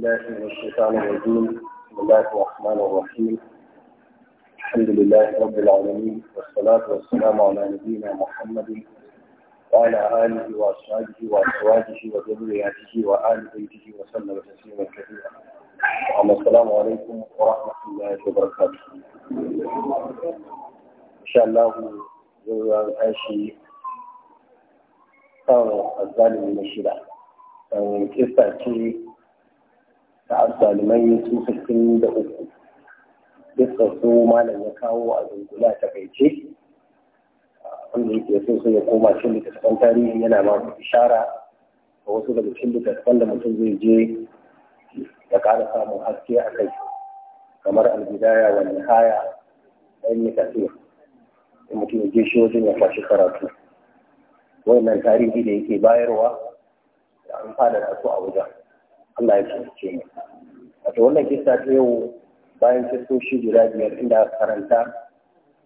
الله من الشيطان الرجيم بسم الله الرحمن الرحيم الحمد لله رب العالمين والصلاة والسلام على نبينا محمد وعلى آله وأصحابه وأزواجه وذرياته وآل بيته وسلم تسليما كثيرا أما السلام عليكم ورحمة الله وبركاته إن شاء الله عاشي أو الظالم من الشرع da azzalimai su sittin da uku duk da su malam ya kawo a zungula ta kaice wanda yake so sai ya koma cin littattafan tarihi yana ma ishara ga wasu daga cin littattafan da mutum zai je ya ƙara samun haske a kai kamar albidaya wa nihaya ɗan ne kafin mutum ya je shi wajen ya kwashi karatu wannan tarihi da yake bayarwa da an fada da su a wajen Allah ya tsarki mu wato wannan kisa ta yau bayan kisoshi guda biyar inda aka karanta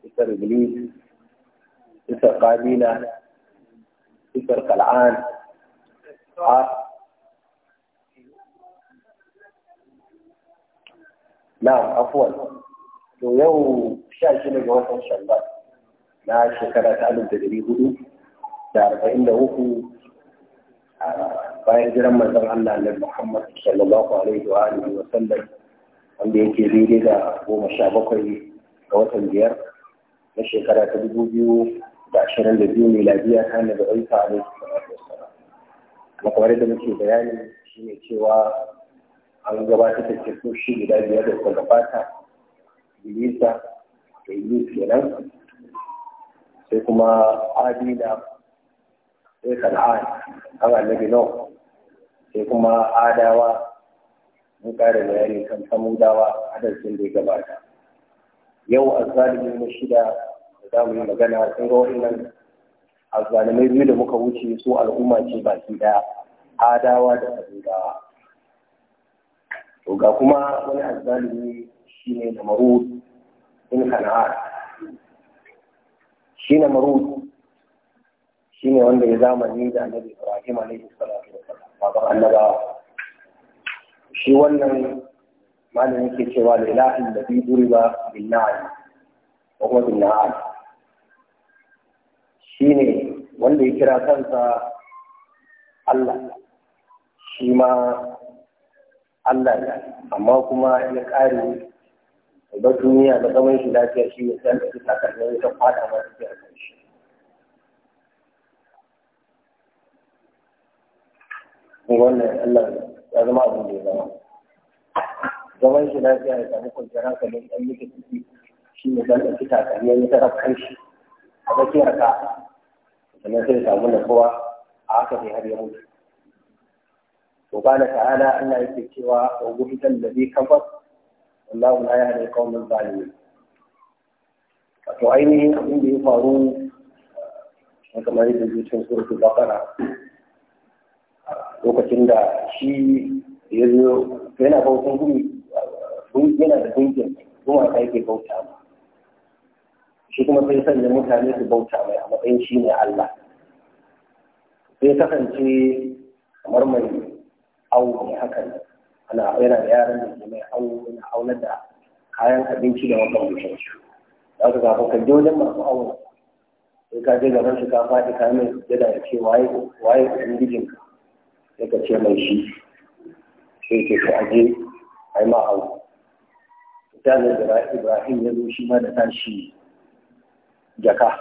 kisar iblis kisar kabila kisar kal'an a na afuwan to yau sha ne ga watan shawwal na shekara ta alif da dari hudu da arba'in da uku a bayan jiran manzon Allah na Muhammad sallallahu alaihi wa alihi wa sallam wanda yake daidai da goma sha bakwai ga watan biyar na shekara ta dubu biyu da ashirin da biyu miladiya ta hanyar da ɗauka a laifin salatu wassalam kuma da muke bayani shine cewa an gabatar da kirkoshi guda biyar da kuma gabata bilisa da yi kenan sai kuma adina sai kan'an an annabi nau sai kuma adawa mun ƙara bayani kan samudawa adalcin da ya gabata yau azzalimi na shida za mu yi magana sun ga waɗannan azzalimai biyu da muka wuce su al'umma ce baki da adawa da samudawa to ga kuma wani azzalimi shine namarud in kana'ar shi namarud shine wanda ya zamani da annabi ibrahim alaihi salam Baba annaba shi wannan malin ke cewa da ilahin da bi ba bin na'al ko kuma bin shi ne wanda ya kira kansa Allah shi ma Allah ne amma kuma ya ƙare da duniya da zaman shi lafiya shi ya san da ta karɓar ta kwata ba ta shi wannan Allah ya zama abin da ya zama zaman shi lafiya ya samu kwanciyar hankalin ɗan yake ciki shi ne ɗan ɗauki takalmi ya ta rafkan shi a tsakiyar ka sannan sai ya samu nasuwa a haka dai har ya mutu to kana ta'ala Allah yake cewa wa guhitan da zai kafas wallahu la yahdi qauman zalimi. wato ainihin abin da ya faru kamar yadda zuciyar suratul baqara lokacin da shi ya zo yana bautan gumi yana da gunkin kuma ta yake bauta ma shi kuma sai sanya mutane su bauta mai a matsayin shi ne Allah sai kasance kamar mai au ne hakan ana yana da yaran da ke mai au yana aunar da kayan abinci da makamashin shi za ka kafa kan wajen masu awo sai ka je gaban shi ka faɗi ka mai sujjada da ce waye waye ubangijinka daga ka ce mai shi sai ke ka aje a yi ma'au mutane da ibrahim ya zo shi ma da tashi jaka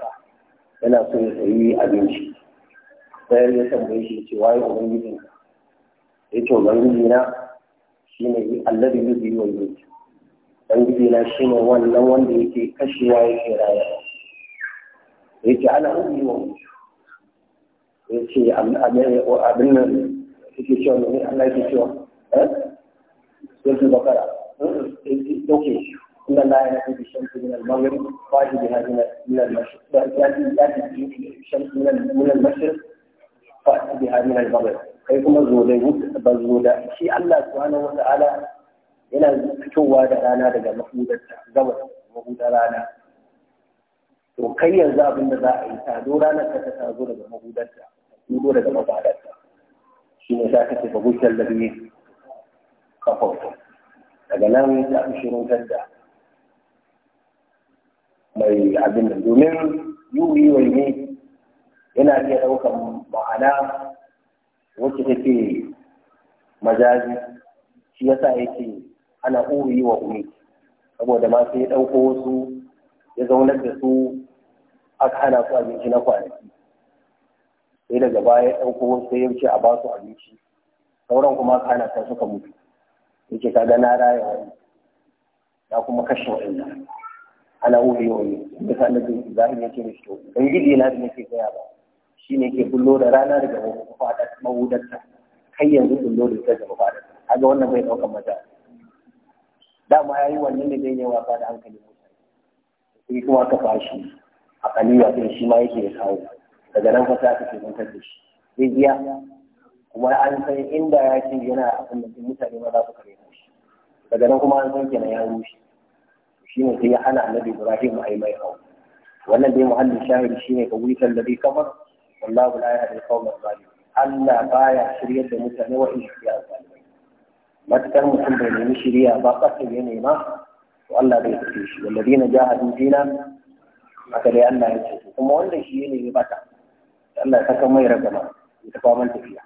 yana so ya sayi abinci sai ya tambaye shi ce waye ubangijin ya ce ubangiji na shi ne allabi yuzi wa yuzi ubangiji na shi ne wannan wanda yake kashewa yake rayuwa ya ce ana ubi wa ya ce abin nan suke cewa ne Allah yake cewa eh suratul baqara eh? Eh, eh, okay إن الله يأتي بالشمس من المغرب ويأتي بها من المشرق يأتي بالشمس من المشرق ويأتي بها من المغرب kai kuma zolai ba zola shi Allah subhanahu wata'ala yana fitowa da rana daga mahudarta gabas mahudar rana to kai yanzu abin da za a yi ta do ranar ka ta tazo daga mahudarta ta daga mafadarta shi ne za ka ce da biyu kafa daga nan za fi shirin da mai abin da domin yuri wai ne yana iya ɗaukan ma'ana wacce take majazi shi yasa yake ana uri wa umi saboda ma sai ya ɗauko wasu ya zaunar da su aka hana su abinci na kwanaki sai daga baya ya ɗauko sai ya wuce a ba su abinci sauran kuma kana ta suka mutu yake ka ga na raya wani na kuma kashe wa'annan ana uhe wani da sa annabi ibrahim yake da shi ubangiji na da nake gaya ba shi ne ke bullo da rana daga mafaɗar mawudarta kai yanzu bullo da ita da mafaɗar kaga wannan bai ɗaukar maza. dama ya yi wannan ne zai yi wasa da hankali mutane sai kuma aka fashi a kaliwa sai shi ma yake kawo daga nan fa sai aka ce kun da shi biya kuma an san inda ya ce yana abin da mutane ma za su kare shi daga nan kuma an san kenan ya rushe shi ne sai ya hana annabi ibrahim a yi mai hau wannan dai muhallin shahidi shi ne ka wutar da dai kamar wallahu la yahdi al-qawm al-zalim Allah baya shiryar da mutane wa in ya zalimai matakar mutum bai nemi shirya ba kasar ya nema to Allah zai tafi shi walladina jahadu fina haka dai Allah ya ce kuma wanda shi ne ya bata لا تكمل رجما يتقامل تكيا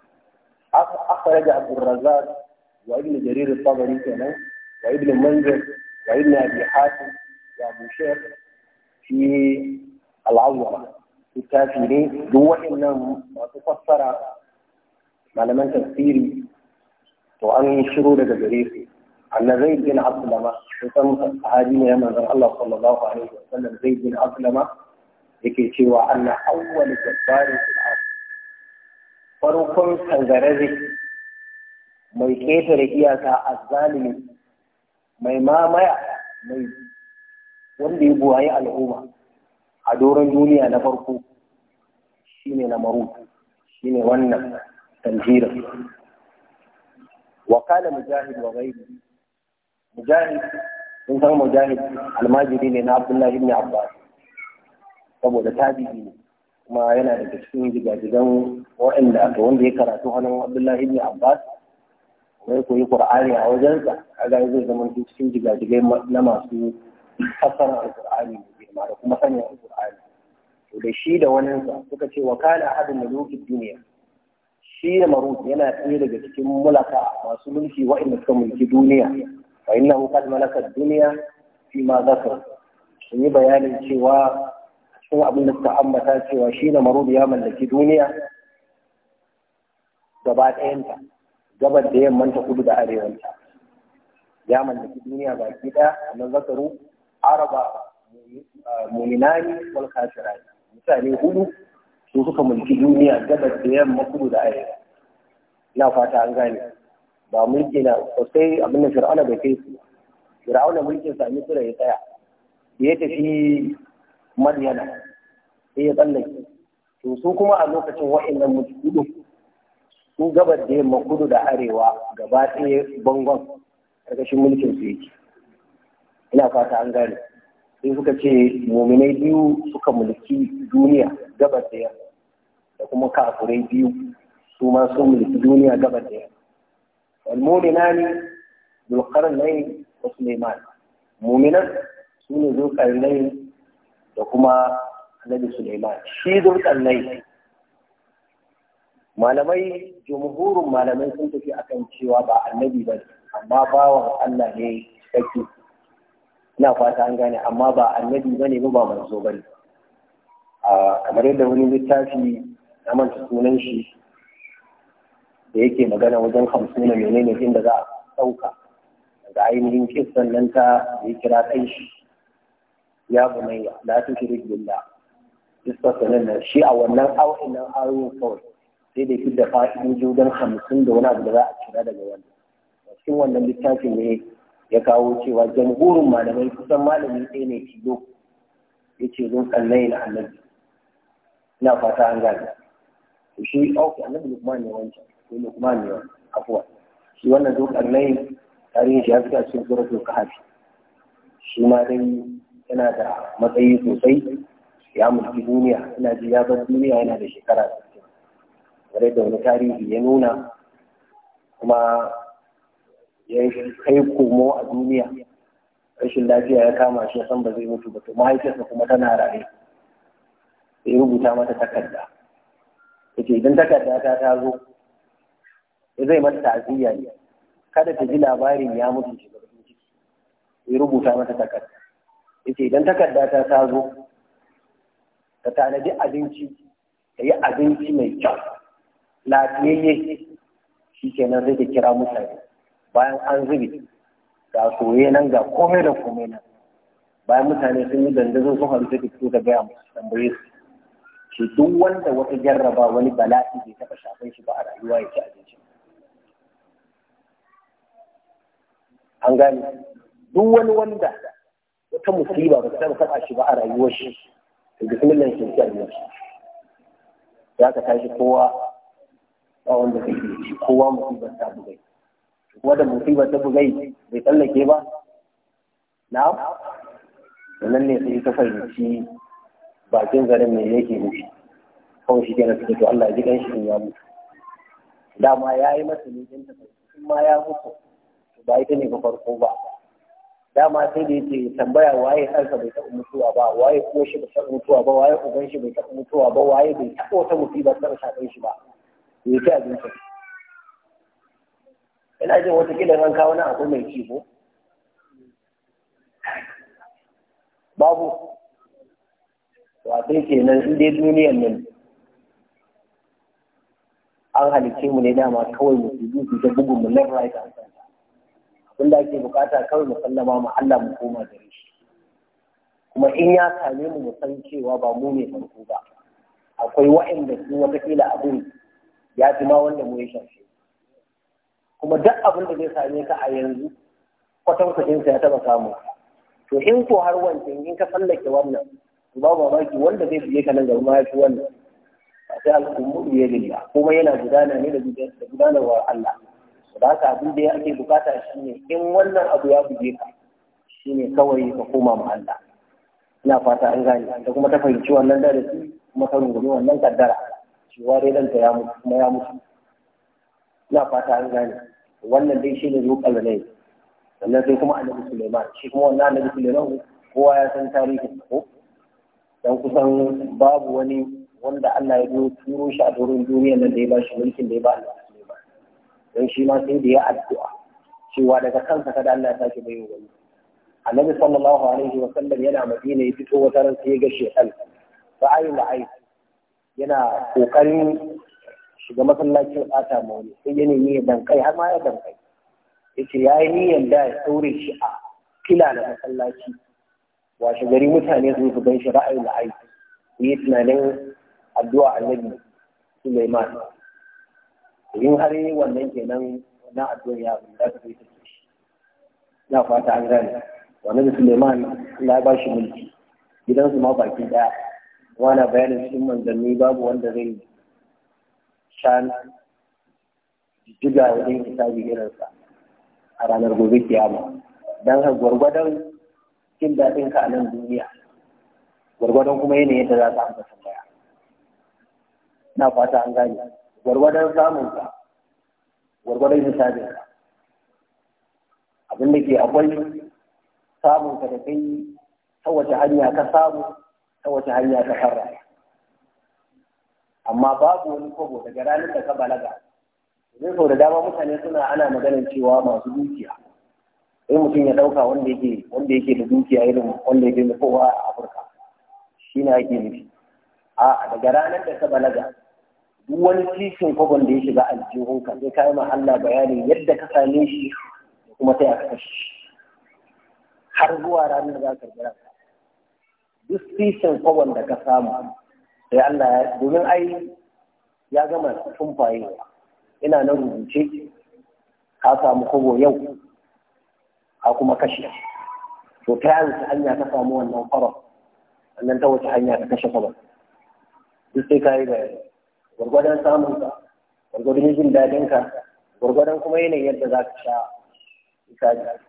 أخرج عبد الرزاق وابن جرير الطبري كمان وابن المنذر وابن أبي حاتم وأبو شير في العظمة الكافرين دو إنهم تفسر على من تفسيري وأني شرور جرير أن زيد بن عبد الله وتم هذه الله صلى الله عليه وسلم زيد بن عبد الله yake cewa Allah awwal jabbar fil ard farkon kangarare mai ketare iyaka azzalimi mai mamaya mai wanda ya buwaye al'umma a doron duniya na farko shine na maru shine wannan tanjirin وقال مجاهد وغيره Mujahid, sun san mujahid Almajiri ne na الله ibn abbas saboda tabi'i ne kuma yana daga cikin jigajigan waɗanda aka wanda ya karatu hannun abdullahi ibn abbas wai koyi qur'ani a wajensa kaga zai zama cikin jigajigai na masu fassara alqur'ani da girma da kuma sanin alqur'ani to da shi da waninsa suka ce wa kana ahadun mulukin duniya shi da marut yana ɗaya daga cikin mulaka masu mulki waɗanda suka mulki duniya fa innahu qad malaka duniya fi ma zakar sun yi bayanin cewa cikin abin da suka ambata cewa shi ne marudu ya mallaki duniya gaba ɗayanta gabar da yammanta kudu da arewanta ya mallaki duniya baki ɗaya amma zakaru araba muminani wal kafirani mutane hudu su suka mulki duniya gabar da yamma kudu da arewa ina fata an gane ba mulki na sosai abin da fir'auna bai kai su fir'auna mulkin sami sura ya tsaya ya tafi madiyana sai ya tsallake to su kuma a lokacin wa'annan mutu su gabar da yamma kudu da arewa gaba ɗaya bangon ƙarƙashin mulkin su yake ina fata an gane sai suka ce muminai biyu suka mulki duniya gabar da yamma da kuma kafurai biyu su ma sun mulki duniya gabar da yamma al nai wasu qarnayn wa su ne sune nai. da kuma annabi Sulaiman shi nai malamai jumhurin malamai sun tafi akan cewa ba annabi ba amma bawan Allah ne yake ina fata an gane amma ba annabi ba ne ba manzo ba ne kamar yadda wani littafi na manta sunan shi da yake magana wajen hamsin na menene inda za a ɗauka daga ainihin kisan nan ta ya kira ɗan ya bunayya la tushrik billah istasalan shi a wannan awon nan ayoyin kawai sai da fi da fa'idoji don hamsin da wani abu da za a cira daga wannan cikin wannan littafin ne ya kawo cewa jamhurin malamai kusan malami ɗaya ne tilo ya ce zo kallai na annabi ina fata an gane to shi auki oh, annabi kuma ne wancan ko kuma ne afuwa shi wannan zo kallai tarihin shi ya fi ka cikin zuwa kahfi shi ma dai yana da matsayi sosai ya mulki duniya ina ji ya bar duniya yana da shekara 60 da wani tarihi ya nuna kuma ya kai komo a duniya rashin lafiya ya kama shi san ba zai mutu ba to mahaifiyarsa kuma tana raye sai rubuta mata takarda yace idan takarda ta ta zo zai mata ta'aziyya ne kada ta ji labarin ya mutu shi ba ciki sai rubuta mata takarda yace idan takarda ta ta zo ka tanadi abinci ka yi abinci mai kyau lafiyayye shi kenan zai kira mutane bayan an zube ga soye nan ga komai da komai nan bayan mutane sun yi dandazo sun haru da fito gaya musu tambaye su shi duk wanda wata jarraba wani bala'i bai taɓa shafan shi ba a rayuwa ya ci abinci an gane duk wani wanda wata musiba ba ta taɓa taɓa shi ba a rayuwar shi da bismillah shi ke rayuwar shi ya ka tashi kowa a wanda ka ke ci kowa musibar ta bugai kuma da musibar ta bugai bai tsallake ba na nan ne sai ta fahimci bakin zarin mai yake nufi kawai shi kenan suke to Allah ya ji kan shi ya mutu dama ya yi masa ne ta kuma ya mutu ba ita ne ba farko ba dama sai da yake tambaya waye ɗansa bai taɓa mutuwa ba waye ko shi bai taɓa mutuwa ba waye uban shi bai taɓa mutuwa ba waye bai taɓa wata musiba ta shafin shi ba ya ci abincin ina jin wata kila an kawo na abu mai ci ko babu wasai kenan in dai duniyan nan an halicce mu ne dama kawai mu su ta bugun mu na right and tun da ake bukata kawai mu sallama mu Allah mu koma gare shi kuma in ya same mu mu san cewa ba mu ne farko ba akwai wa'anda su kila abin ya fi ma wanda mu ya shafe kuma duk abin da zai same ka a yanzu kwatan kudinsa ya taba samu to in ko har wancan in ka tsallake wannan to babu mamaki wanda zai biye ka nan ga ma ya fi wannan sai al'ummu ya da kuma yana gudana ne da gudanarwar Allah da haka abin da ya ake bukata ne in wannan abu ya buge ka shine kawai ka koma ma Allah ina fata an gane da kuma ta fahimci wannan darasi kuma ka rungumi wannan kaddara cewa dai dan ta ya mutu kuma ya mutu ina fata an gane wannan dai shi shine zuƙal ne sannan sai kuma Annabi Sulaiman shi kuma wannan Annabi Sulaiman kowa ya san tarihin ko dan kusan babu wani wanda Allah ya zo turo shi a doron duniya nan da ya ba shi, mulkin da ya ba Allah don shi ma sai da ya addu'a cewa daga kansa kada Allah ya sake wa wani annabi sallallahu alaihi wa sallam yana madina ya fito wata ran sai ya ga shedan fa ayi la ayi yana kokarin shiga masallacin ɓata ma wani sai ya nemi ya kai har ma ya dankai yace yayi niyyar da ya saure shi a kila na masallaci washe gari mutane sun fi gan shi ra'ayi la ayi ni tunanin addu'a annabi Sulaiman yin har wannan kenan wannan addu'a ya abin da ka yi take shi na fata an gane wannan da Suleiman na ba shi mulki gidansu ma baki daya na bayanin cikin manzanni babu wanda zai shan jijjiga wajen irin irinsa a ranar gobe kiyama don har gwargwadon jin daɗin ka a nan duniya gwargwadon kuma yanayin da za ka amsa tambaya na fata an gane gwargwadon samunka gwargwadon hisabinka abin da ke akwai samunka da kai ta wace hanya ka samu ta wace hanya ka fara amma babu wani kogo daga ranar da ka balaga zai sau da dama mutane suna ana maganin cewa masu dukiya sai mutum ya ɗauka wanda yake wanda yake da dukiya irin wanda yake da kowa a afirka shi ne ake nufi a daga ranar da ka balaga duk wani titin kwagon da ya shiga aljihunka sai ka yi ma Allah bayanin yadda ka same shi kuma ta yaka kashe shi har zuwa ranar da za ka karbi duk titin kwabon da ka samu sai Allah ya domin ai ya gama tumfayewa ina na rubuce ka samu kogo yau ka kuma kashe to ta yanzu hanya ta samu wannan kwaron sannan ta wace hanya ta kashe kwagon duk sai ka yi bayani gwargwadon samunka gwargwadon jin daɗin ka gwargwadon kuma yanayin yadda za ka sha ji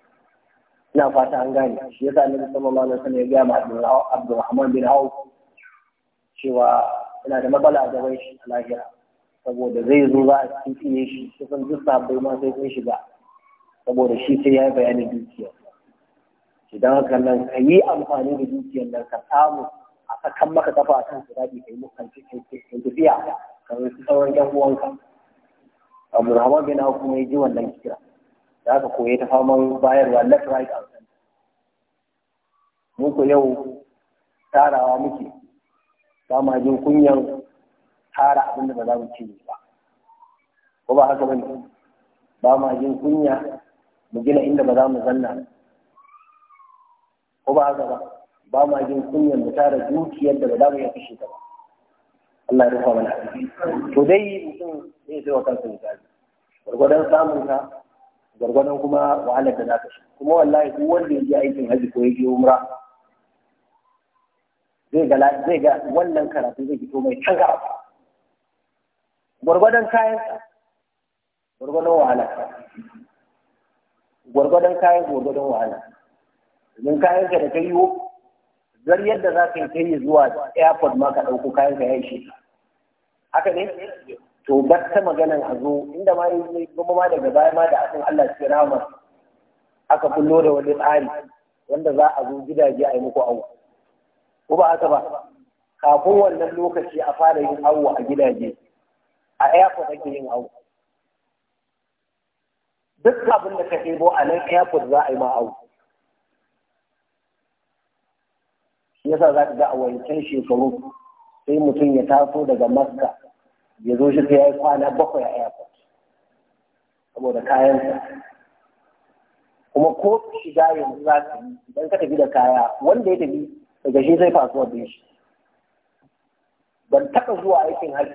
ina fata an gane shi yasa annabi sama alaihi sanar ya gaya ma Abdulrahman bin Auf cewa ina da matsala a gaban shi a lahira saboda zai zo za a tsitsiye shi kusan duk sabbai ma sai kun shiga saboda shi sai ya yi bayanin dukiyar idan haka nan ka yi amfani da dukiyar nan ka samu a kan maka kafa a kan su daɗi ka yi mukan tafiya kamar su sauran yan uwanka abdurrahman bin awu kuma ya ji wannan kira da aka koye ta faman bayarwa left right and center mun ko yau tarawa muke ba ma jin kunyan tara abin da ba za mu ci ba ko ba haka bane ba ma jin kunya mu gina inda ba za mu zanna ko ba haka ba ba ma jin kunyan mu tara dukiyar da ba za mu iya fushi ta ba Allah ya rufa mana to dai mutum zai sai wa kansa misali gwargwadon samun ka gwargwadon kuma wahalar da zaka shi kuma wallahi duk wanda ya je aikin haji ko ya je umra zai ga zai ga wannan karatu zai fito mai can gaba gwargwadon kayan gwargwadon wahala gwargwadon kayan gwargwadon wahala domin kayan ka da kai yiwo zar yadda za ka yi ta yi zuwa airport ma ka ɗauko kayan ka ya haka ne to bar ta maganan a zo inda ma yi kuma ma daga baya ma da asin Allah su rama aka kullo da wani tsari wanda za a zo gidaje a yi muku awo ko ba haka ba kafin wannan lokaci a fara yin awo a gidaje a airport ake yin awo duk abin da ka ɗebo a nan airport za a yi ma awo shi yasa za ka ga a wancan shekaru sai mutum ya taso daga maska ya zo shi ya yi kwana bakwai a airport saboda kayansa kuma ko shiga yanzu za ka yi idan ka tafi da kaya wanda ya tafi daga shi sai fasuwar da shi ban taɓa zuwa aikin hajji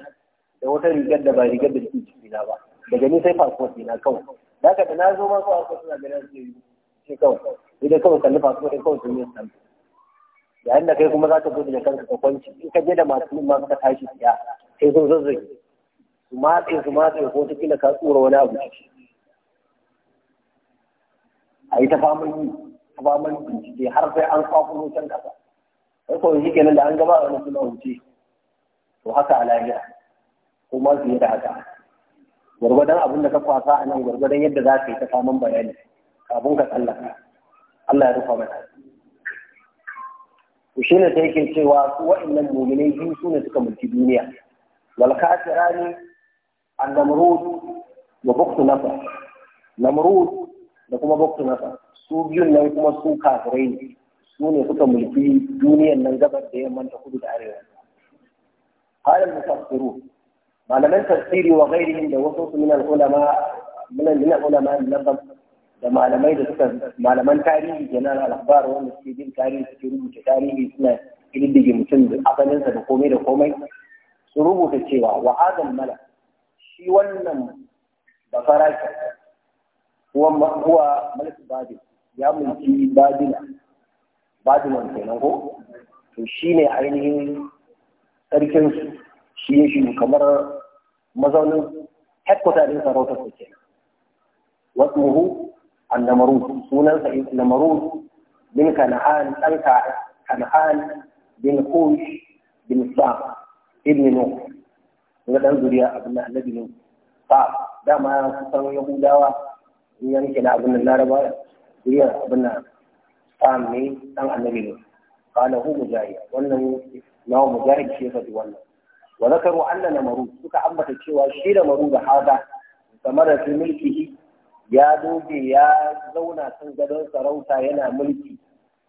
da wata rigar da ba rigar da ke cikina ba daga ni sai fasuwar na kawai da haka da na zo ma zuwa suna ganin su yi kawai idan kawai kalli fasuwar kawai sun yi stamp yayin da kai kuma za ka zo da kanka ka kwanci in ka je da masu yin ma suka tashi siya sai sun zazzage su matse su matse ko ta kila ka tsura wani abu a yi ta faman yi ta faman bincike har sai an kwafi can kasa sai kawai shi kenan da an gaba a wani suna wuce to haka a lafiya ko ma yi da haka gwargwadon abin da ka kwasa a nan gwargwadon yadda za ka yi ta faman bayani kafin ka tsallaka Allah ya rufa mai to shi ne sai yake cewa su wa'annan mu'minai biyu su ne suka mulki duniya wal kafirani a namrud da buktu nasa namrud da kuma buktu nasa su biyun nan kuma su kafirai ne su ne suka mulki duniyan nan gabar da yamman ta kudu da arewa halin mufassiru malaman tafsiri wa ghairihim da wasu su minan ulama minan al-ulama al da malamai da suka malaman tarihi kenan al'abar wanda suke bin tarihi suke rubuta tarihi suna kididdige mutum da asalinsa da komai da komai su rubuta cewa wa adam mala shi wannan ba farashi huwa kuwa malik babil ya mulki babila babilon kenan ko to shine ainihin sarkin shi shi kamar mazaunin headquarter din sarautar su kenan annamarun sunansa namarun bin kan'an ɗan kan'an bin kush bin sa'ad ibn nuh ga dan zuriya abin annabi nuh sa'ad dama kusan yahudawa in yanke na abin laraba zuriya abin sa'ad ne dan annabi nuh qala hu mujahid wannan nawa mujahid shi fa wannan wa zakaru anna namaru suka ambata cewa shi da maru da hada kamar da mulki ya doge ya zauna kan gadon sarauta yana mulki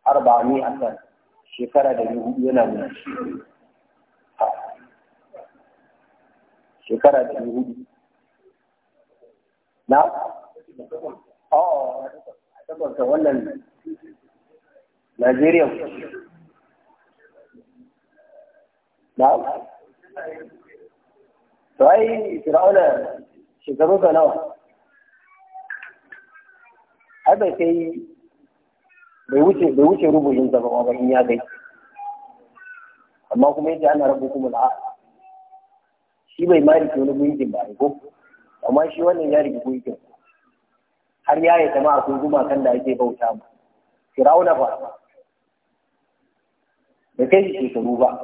arba'ani a kan shekara da hudu yana mulki shekara da hudu na? oh a tabbata wannan Najeriya na? to ai fir'auna shekaru nawa haɗa bai bai wuce bai wuce ba in ya gai, amma kuma yace ana rabu kuma la'a shi bai ma rike wani gunkin ba ko amma shi wannan ya rike gunkin har ya yi kama akwai gumakan da ake bauta ba. firauna ba da kai shekaru ba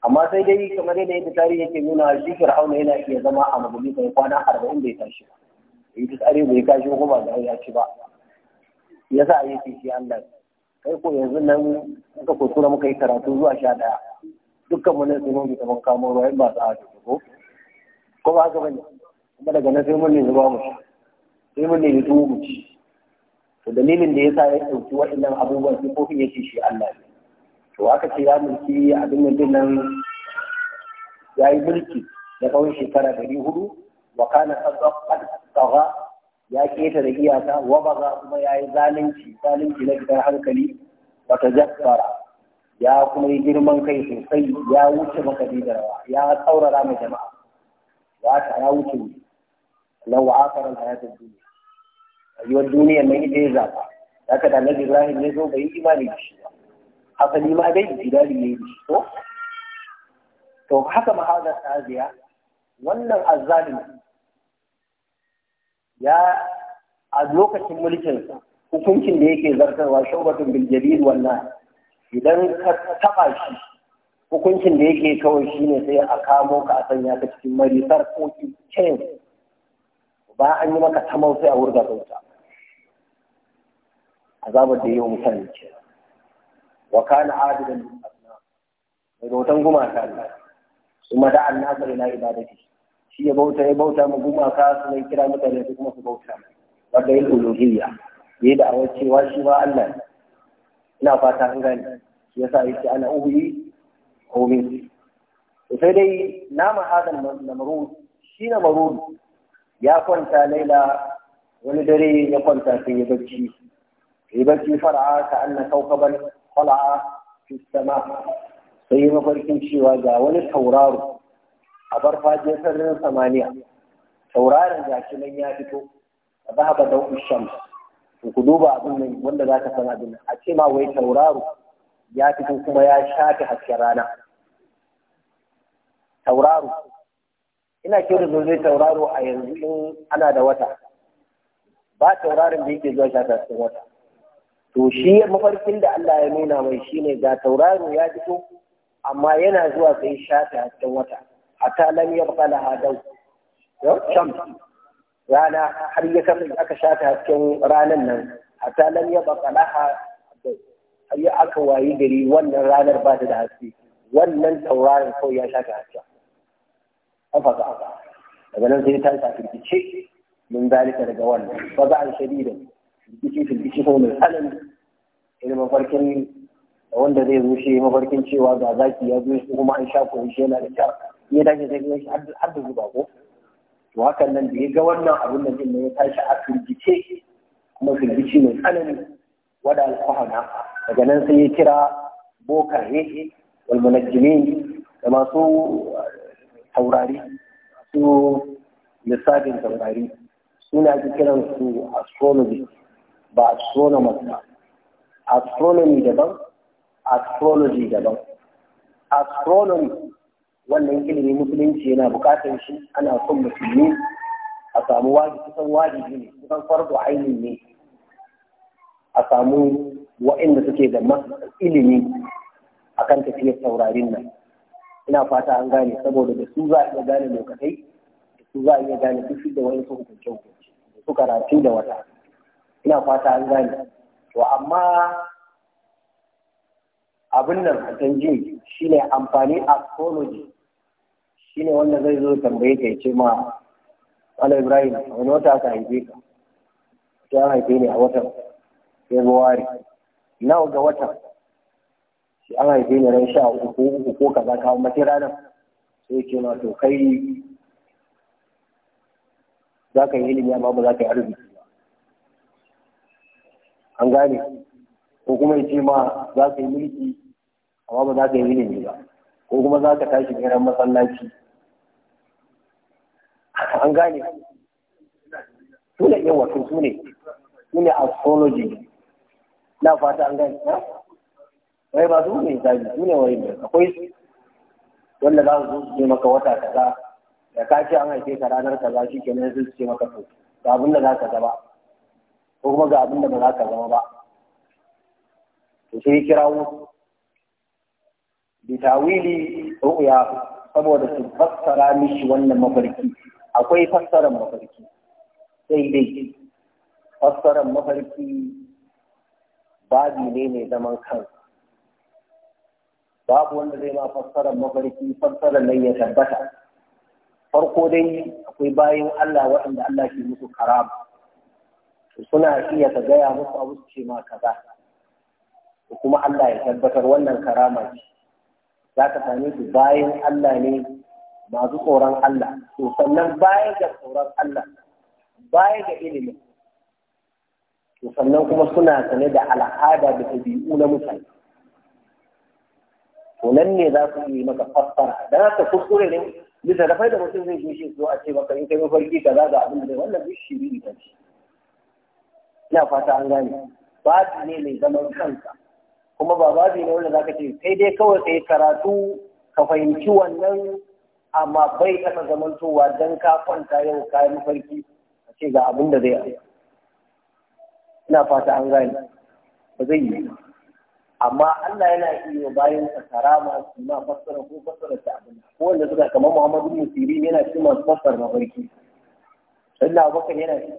amma sai dai kamar yadda yadda tarihi yake nuna shi fir'auna yana iya zama a kai kwana arba'in bai tashi ba yi ta tsare bai kashi hukuma da ya ci ba ya sa yi fi Allah kai ko yanzu nan muka kuskura muka yi karatu zuwa sha daya dukkan mu ne sai mun kamar wayan kamo ruwa ba sa haka ko ko ba haka bane kuma daga nan sai mun ne zuwa mu sai mun ne zuwa mu ci to dalilin da yasa ya dauki waɗannan abubuwan sai kofin ce shi Allah ne to aka ce ya mulki abin da nan ya yi mulki da tsawon shekara ɗari hudu wa kana qad tsawa ya keta da iyaka za kuma ya yi zalunci zalunci na fitar hankali wata jabbara ya kuma yi girman kai sosai ya wuce makadi da rawa ya tsaurara mai jama'a ya ta ya wuce ne na wa'akarar hayatar duniya rayuwar duniyar mai ita ya zafa. ya ka dalar ibrahim ne zo bai imani da shi ba asali ma dai jidali ya da shi to to haka mahazar ta'aziya wannan azzalin. ya a lokacin mulkinsa hukuncin da yake zartarwa shaubatun biljabil wannan idan ka taba shi hukuncin da yake kawai shine sai a kamo ka a sanya ka cikin marisar ko chain ba an yi maka tamau sai a wurga bauta azabar da yau mutane ce wa kana adidan mai bautan gumaka su kuma da annasa ila ibadati shi ya bauta ya bauta ma gumaka su ne kira mutane su kuma su bauta wanda yin uluhiyya ya da awar cewa shi ma Allah ina fata an gane shi yasa yake ana uhi komai to sai dai nama hadan namrud shi namrud ya kwanta laila wani dare ya kwanta sai ya bacci ya bacci fara'a ka anna kaukaban qala'a fi sama sai mafarkin cewa ga wani tauraro a bar farfajiyar sararin samaniya taurarin gashi nan ya fito a zahaba da usham to ku duba abin nan wanda za ka san abin nan a ce ma wai tauraro ya fito kuma ya shafe hasken rana tauraro ina kiran da zai tauraro a yanzu in ana da wata ba taurarin da yake zuwa shafe hasken wata to shi mafarkin da Allah ya nuna mai shine ga tauraro ya fito amma yana zuwa sai shafe hasken wata حتى لم يبقى لها دو شم رانا حرية كمي أكشاتها كم رانا حتى لم يبقى لها دو هي أكوا يدري ون رانا بعد دهسي ون توران كو يشاك هكذا أفضع أفضع أنا نزل تلتا في البيتشي من ذلك رجوان فضع شديدا البيتشي في البيتشي هو من الألم إنما فركني wanda zai zo shi mafarkin cewa ga zaki ya zo shi kuma an sha ko shi yana da kyau ya dace zai ga shi har da zuba ko to hakan nan da ya ga wannan abin da zai ne ya tashi a firgice kuma firgici mai tsanani wada alfahana daga nan sai ya kira bokaye wal munajjimin da masu taurari su lissafin taurari suna ake kiran su astrology ba astronomers ba astronomy daban astrology daban astronomy wannan ilimin musulunci yana bukatar shi ana son musulmi a samu wajibi kusan wajibi ne kusan farko ainihin ne a samu wa'inda suke da ilimi a kan tafiyar saurarin nan ina fata an gane saboda da su za a iya gane lokacai da su za a iya gane duk da wani su hukunce hukunce da su karatu da wata ina fata an gane to amma abin nan a canji shine amfani astrology Shi ne wanda zai zo tambaye ka ya ce ma Ala Ibrahim wani wata aka haife ka sai an haife ni a watan Februari. nawa ga watan sai an haife ni ran sha uku ko uku ko kaza ka mace ranar sai ce ma to kai za ka yi ilimi amma ba za ka yi arziki ba an gane ko kuma ya ce ma za ka yi mulki amma ba za ka yi ilimi ba ko kuma za ka tashi tseren masallaci an gane su ne yin wasu su ne su ne astrology na fata an gane wai ba su ne zabi su ne mai akwai su wanda za su zo su maka wata kaza da ka ce an haife ka ranar kaza shi ke nan su ce maka to ga abin da za ka zama ko kuma ga abin da ba za ka zama ba to sai kirawo bitawili ru'ya saboda su fassara mishi wannan mafarki akwai fassarar mafarki sai dai fassarar mafarki babi ne mai zaman kansa babu wanda zai ma fassarar mafarki fassarar nan ya tabbata farko dai akwai bayan Allah waɗanda Allah ke musu karama suna iya ka gaya musu abu su ce ma kaza kuma Allah ya tabbatar wannan karama ce za ka same su bayan Allah ne masu tsoron Allah to sannan baya ga tsoron Allah baya ga ilimin. to sannan kuma suna sane da al'ada da ɗabi'u na mutane to nan ne za su yi maka fassara da za ka kuskure ne bisa da faida mutum zai shi so a ce maka in kai mafarki ka za ga abin da wannan duk shiri ne shi ina fata an gane babu ne mai zaman kansa. kuma ba babu ne wanda za ka ce sai dai kawai kai karatu ka fahimci wannan amma bai kasa zamantowa don ka kwanta yau ka yi mafarki a ce ga abin da zai yi ina fata an gane ba zai yi amma Allah yana iya bayan sa karama su ma fassara ko fassara ta abin ko wanda suka kamar Muhammadu bin Sirin yana cikin masu fassara mafarki Allah bakan yana ciki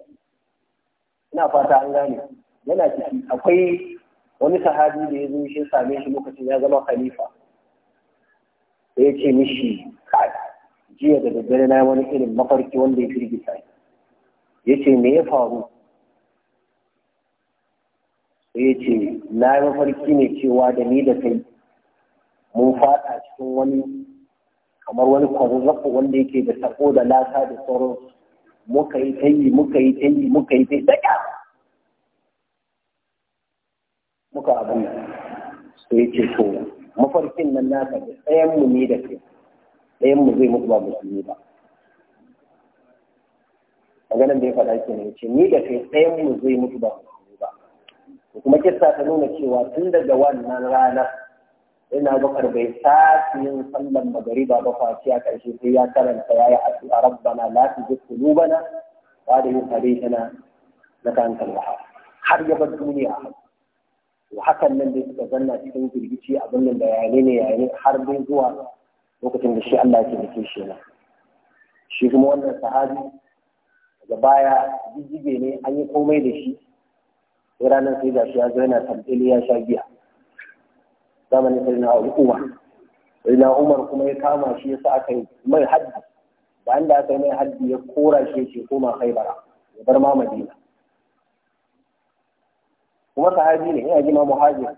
ina fata an gane yana ciki akwai wani sahabi da ya zo shi same shi lokacin ya zama khalifa sai ya ce mishi kai jiya da daddare na wani irin mafarki wanda ya firgita ya ce me ya faru sai ya ce na yi mafarki ne cewa da ni da kai mun fada cikin wani kamar wani kwazazzafo wanda yake da sako da lasa da sauran muka yi ta yi muka yi ta yi muka yi ta yi daga muka abin sai ya ce to mafarkin nan naka da ne da kai ɗayan mu zai mutu ba musulmi ba da ya faɗa ke ne ce ni da kai mu zai mutu ba musulmi ba kuma kissa ta nuna cewa tun daga wannan ranar ina bakar bai sake yin sallan magariba ba face a ƙarshe sai ya karanta ya yi bana, rabbana la tuzigh qulubana ba da yin tana na kan kalwa har ya bar duniya hakan nan dai suka zanna cikin girgici abin nan da yi ne yayane har dai zuwa lokacin da shi Allah ke dake shi na shi kuma wannan sahabi daga baya jijjige ne an yi komai da shi sai ranar sai gashi ya zaina yana tambayi ya sha giya zamanin sai na al'umma sai na Umar kuma ya kama shi yasa aka yi mai haddi da an da aka yi mai haddi ya kora shi ya ce koma Khaibara ya bar ma Madina kuma sahabi ne ina jima muhajir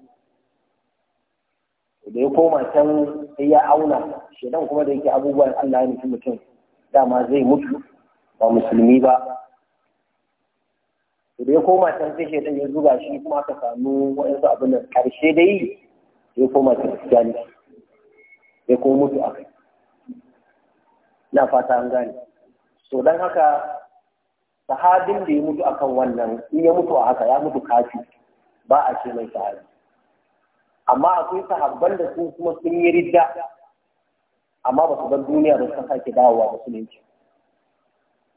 da ya koma can sai ya auna shedan kuma da yake abubuwan Allah ya nufi mutum dama zai mutu ba musulmi ba da ya koma can sai shedan ya zuba shi kuma aka samu waɗansu abin da ƙarshe dai ya koma can kristiyanci ya koma mutu a kai na fata an gane so don haka sahabin da ya mutu akan wannan in ya mutu a haka ya mutu kafi ba a ce mai sahabi amma akwai sahabban da sun kuma sun yi ridda amma ba su bar duniya ba su sake dawowa musulunci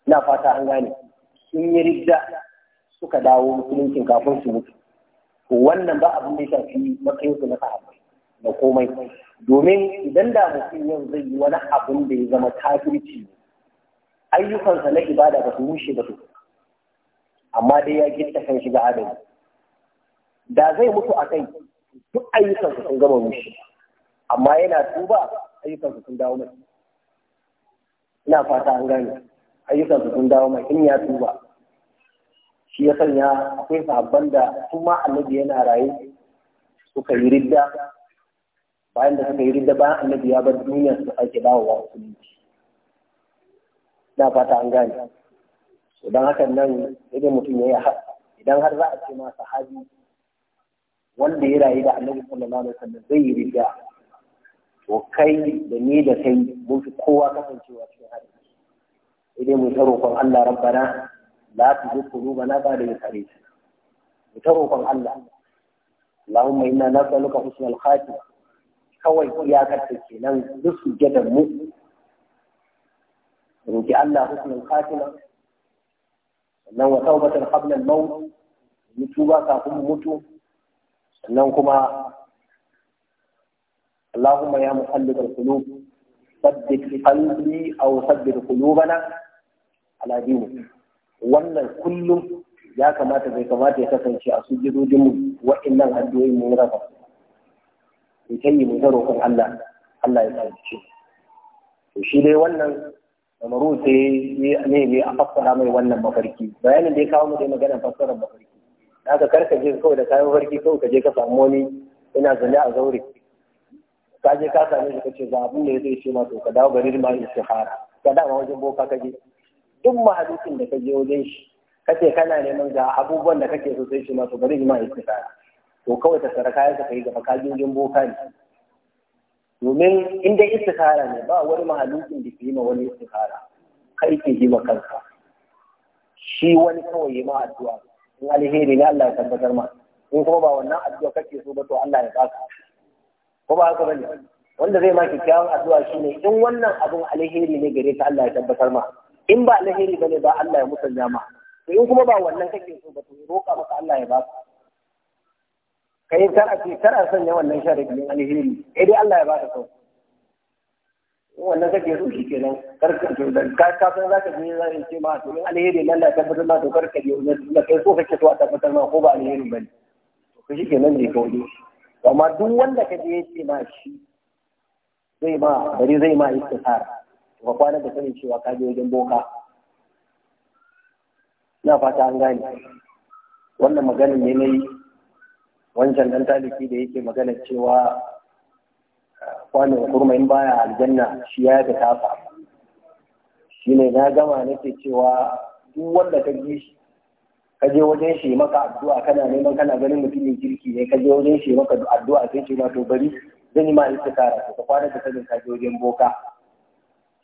ina fata an gane sun yi ridda suka dawo musuluncin kafin su mutu to wannan ba abin da ya shafi matsayin su na sahabbai da komai domin idan da mutum yau zai yi wani abin da ya zama kafirci ayyukansa na ibada ba su rushe ba su amma dai ya gitta kan shiga adalci da zai mutu a kai duk ayyukansa sun gama mushi amma yana tuba ayyukansa sun dawo mai ina fata an gane ayyukansa sun dawo mai in ya tuba shi ya sanya akwai sahabban da sun ma annabi yana raye suka yi ridda bayan da suka yi ridda bayan annabi ya bar duniya su ake dawowa yi ina fata an gane don hakan nan idan mutum ya yi idan har za a ce ma sahabi wanda ya rayu da annabi sallallahu alaihi wasallam zai yi riga to kai da ni da kai mun fi kowa kasancewa cikin hadisi idan mu ta roƙon Allah rabbana la tuzigh qulubana ba'da idh hadaytana mu ta roƙon Allah Allahumma inna nas'aluka husnal khatimah kawai iyakar ta kenan duk sujjadar mu roki Allah husnal khatimah sannan wa tawbatan qabla al-maut mutuwa tuba kafin mutu sannan kuma ya يا da القلوب ثبت قلبي او ثبت قلوبنا bana دينك wannan kullum ya kamata bai kamata ya kasance a sujudojin mu wa'annan addu'o'i mun raba mu kai mu ta kan Allah Allah ya tsare to shi dai wannan Amaru sai ne ne a fassara mai wannan mafarki bayanin da ya kawo mu dai magana fassarar mafarki haka kar ka je kawai da kayan farki kawai ka je ka samu wani ina zane a zaure ka je ka same shi ka ce ga abin da ya zai ce ma to ka dawo gari ma fara. ka dawo wajen boka ka je duk mahalicin da ka je wajen shi ka ce kana neman ga abubuwan da kake so sai shi ma to bari ma istihara to kawai ta sara kayan ka yi gaba ka je wajen boka ne domin in dai istihara ne ba wani mahalicin da ke yi ma wani istihara kai ke yi ma kanka shi wani kawai yi ma addu'a in alheri ne Allah ya tabbatar ma in kuma ba wannan addu'a kake so ba to Allah ya baka ko ba haka bane wanda zai ma kyakkyawan addu'a shine in wannan abun alheri ne gare ka Allah ya tabbatar ma in ba alheri bane ba Allah ya musanya ma to in kuma ba wannan kake so ba to roƙa maka Allah ya baka kai kar a ce kar a sanya wannan sharadi alheri sai dai Allah ya baka sauki wannan kake so shi kenan karka to da ka ka san zaka je za ce ma to alheri nan da tabbatar ma to kai so kake so a tabbatar ma ko ba alheri ne to shi kenan ne kawai amma duk wanda ka je ce ma shi zai ma bari zai ma tsara to ka kwana da sanin cewa ka je wajen boka na fata an gane wannan maganin ne nayi wancan dan taliki da yake magana cewa kwanin kurma in baya aljanna shi ya ta tafa shi ne na gama nake cewa duk wanda ka ji shi ka je wajen shi maka addu'a kana neman kana ganin mutumin kirki ne ka je wajen shi maka addu'a sai ce ma to bari zan yi ma istikara to ka kwana da sanin ka je wajen boka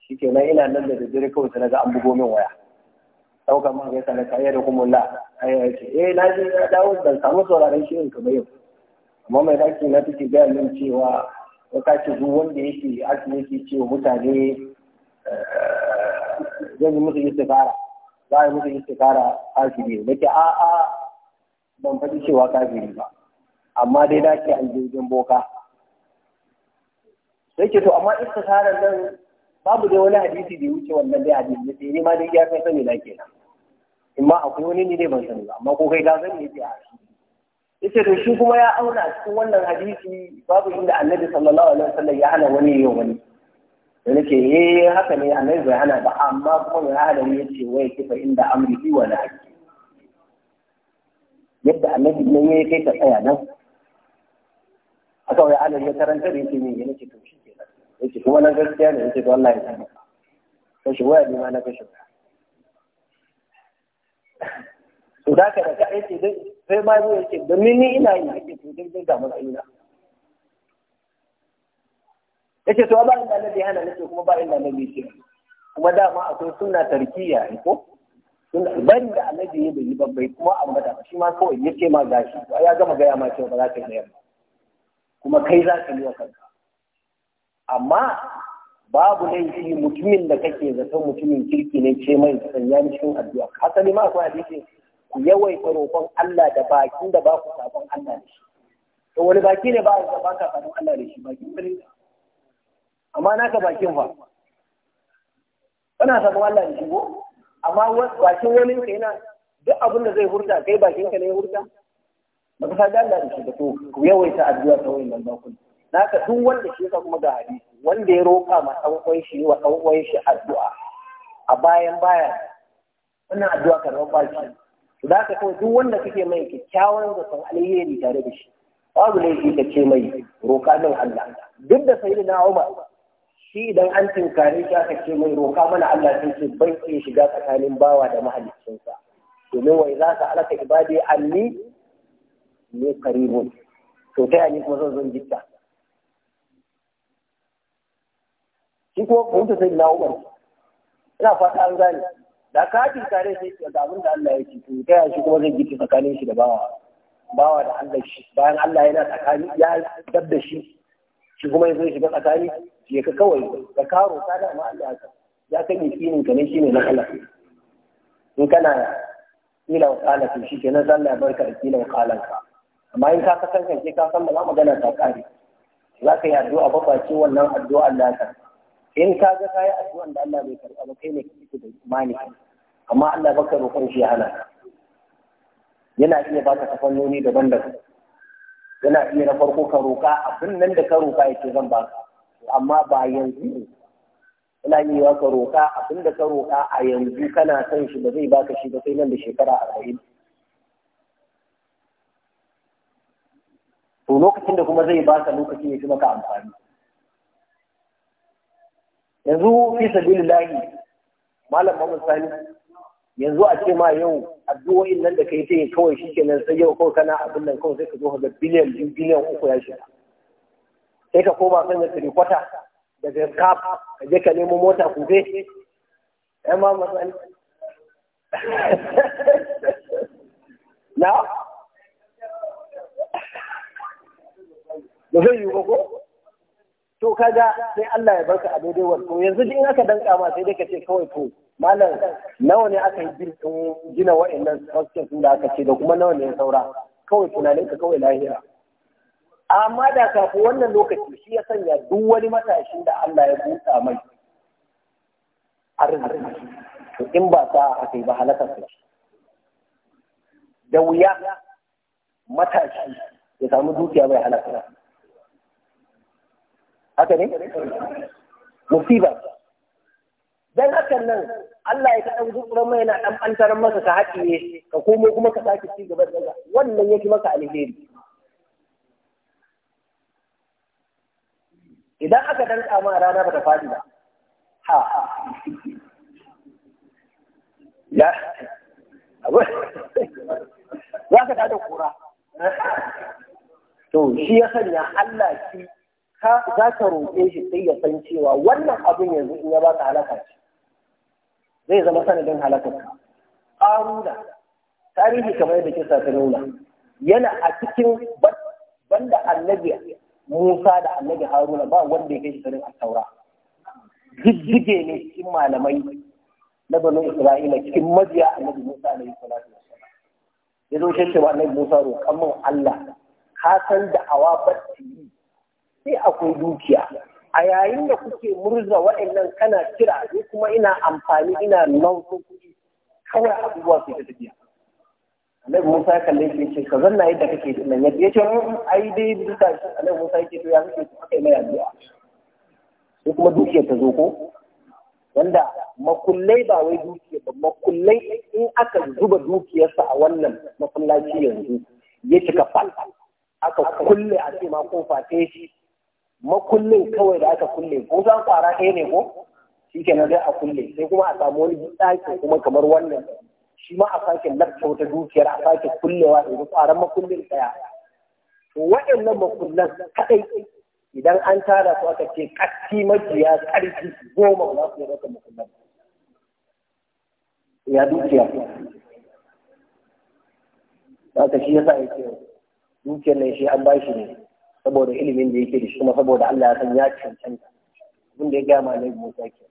shi ke nan ina nan da daddare kawai sai ga an bugo min waya ɗaukar ma gaisa na kayan da kuma la ce eh na je na dawo da samu sauraron shirin kamar yau amma mai daki na take gaya min cewa ya kace duk wanda yake azumi yake ce wa mutane eh, zan yi musu istikara za a yi musu istikara kafiri ne nake a a ban faɗi cewa kafiri ba amma dai na ke an jirgin boka sai ke to amma istikara nan babu dai wani hadisi da wuce wannan dai hadisi sai ne ma dai ya kai sani na kenan in ma akwai wani ne ban sani ba amma ko kai ka sani ne sai a shi yace to shi kuma ya auna cikin wannan hadisi babu inda annabi sallallahu alaihi wasallam ya hana wani yau wani da nake eh haka ne annabi bai hana ba amma kuma mai hadari yace wai kifa inda amri wa na yadda annabi ne ya kai ka tsaya nan aka wai adam ya karanta da yake ne yana ce to shi kenan yace kuma nan gaskiya ne yace to Allah ya sani shi waya ne ma na kashi to da ka da ka aiki dai sai ba zai ce domin ni ina yin ake to dai dai ga Ya yace to ba inda nabi hana nake kuma ba inda nabi ce kuma dama akwai suna tarkiya ne ko sunna albari da annabi ya bai ba kuma ambata ba shi ma kawai ya ce ma gashi ya gama gaya ma cewa ba za ka yi yamma. kuma kai za ka yi wa kanka amma babu laifi mutumin da kake zaton mutumin kirki ne ce mai sanya cikin addu'a hasali ma akwai hadisi ku yawaita roƙon Allah da bakin da ba ku sabon Allah da shi to wani baki ne ba ka ba ka sabon Allah da shi bakin birni amma naka bakin fa kana sabon Allah da shi ko amma bakin wani ka yana duk abin da zai hurta kai bakin ka ne ya hurta ba ka sabon Allah da shi ba to ku yawaita addu'a ta wannan Na ka duk wanda shi ka kuma ga hadisi wanda ya roƙa ma ɗan shi wa ɗan shi addu'a a bayan baya wannan addu'a karɓar baki za ka kawai duk wanda kake mai kyakkyawan zaton alheri tare da shi babu laifi ka ce mai roƙa min Allah duk da sai na Umar shi idan an tinkare shi aka ce mai roƙa mana Allah sai ce ban iya shiga tsakanin bawa da mahaliccinsa domin wai za ka alaka ibadi anni ne karibu to ta yi kuma zan zan gitta. shi kuma ta sai na Umar ina fata an gane da ka tare sai ka ga abin da Allah ya ce to ta shi kuma zai gita tsakanin shi da bawa bawa da Allah shi bayan Allah yana tsakani ya dab da shi shi kuma ya shi ga tsakani je ka kawai ka karo ka da Allah ka ya kan kinin ka ne shi ne na Allah in kana ila wa kala to shi kenan Allah ya barka da kila wa kalan ka amma in ka kasance ka san ba magana ta kare za ka yi addu'a ba ba ce wannan addu'a Allah ka in ka ga kayi addu'an da Allah bai karɓa ba kai ne kake da imani amma Allah baka roƙon shi hana yana iya baka ta fannoni daban-daban yana iya na farko ka roƙa abin nan da ka roƙa yake zan ba amma ba yanzu ne. yana iya ka roƙa abin da ka roƙa a yanzu kana son shi ba zai baka shi ba sai nan da shekara arba'in to lokacin da kuma zai baka lokaci ya kuma maka amfani yanzu fi sabilillahi malam mamun Sani yanzu a ce ma yau addu'o'in nan da kai ta yi kawai shi kenan sai yau kawai kana abin nan kawai sai ka zo ga biliyan biyu biliyan uku ya shiga sai ka koma kan da tirikwata daga kaf ka je ka nemo mota kufe ɗan ma matsali na ba zai yi ko to kaga sai Allah ya barka a daidai wal to yanzu in aka danka ma sai dai ka ce kawai to malam nawa ne aka yi gina wa'annan structures da aka ce da kuma nawa ne ya saura kawai tunanin ka kawai lahira amma da kafin wannan lokaci shi ya sanya duk wani matashin da Allah ya buɗa mai arziki to in ba sa aka yi ba halakar ka da wuya matashi ya samu dukiya bai halakar haka ne musiba dan hakan nan Allah ya kaɗan zuɓura mai yana ɗan ɓantar masa ka haƙiye ka komo kuma ka sake ci gaba daga. wannan yake maka alheri idan aka danka ma rana ba ta faɗi ba ha ha ya za ka tada kura to shi ya sanya Allah shi za ka roƙe shi sai ya san cewa wannan abin yanzu in ya baka halaka ce zai zama sanadin ka. ƙaruna tarihi kamar yadda kisa ta nuna yana a cikin banda annabi Musa da annabi Haruna ba wanda ya kai shi sanin taura jijjige ne cikin malamai na banu Isra'ila cikin mabiya annabi Musa alaihi salatu wassalam ya zo shi cewa annabi Musa roƙan min Allah ka san da awa bacci sai akwai dukiya a yayin da kuke murza waɗannan kana kira ni kuma ina amfani ina nautin kuɗi kawai abubuwa su ta tafiya Annabi Musa ya kalle shi yace ka zanna yadda kake nan yace yace mm, mm, ai dai duka shi Annabi Musa yake to ya kake su kai mai addu'a sai kuma dukiyar ta zo ko wanda makullai ba wai dukiya ba makullai in aka zuba dukiyarsa a wannan makullaci yanzu ya cika fal aka kulle a ce ma kofa ta shi makullin kawai da aka kulle ko zan kwara ɗaya ne ko shi ke dai a kulle sai kuma a samu wani ɗaki kuma kamar wannan shi ma a sake lafta wata dukiyar a sake kullewa yanzu kwaran makullin ɗaya to waɗannan makullan kaɗai idan an tara su aka ce ƙarfi majiya ƙarfi goma ba su yi rasa makullan ya dukiya haka shi yasa ya ce dukiyar nan shi an ba shi ne saboda ilimin da yake da shi kuma saboda Allah ya san ya cancanta abin da ya gama ma annabi Musa ke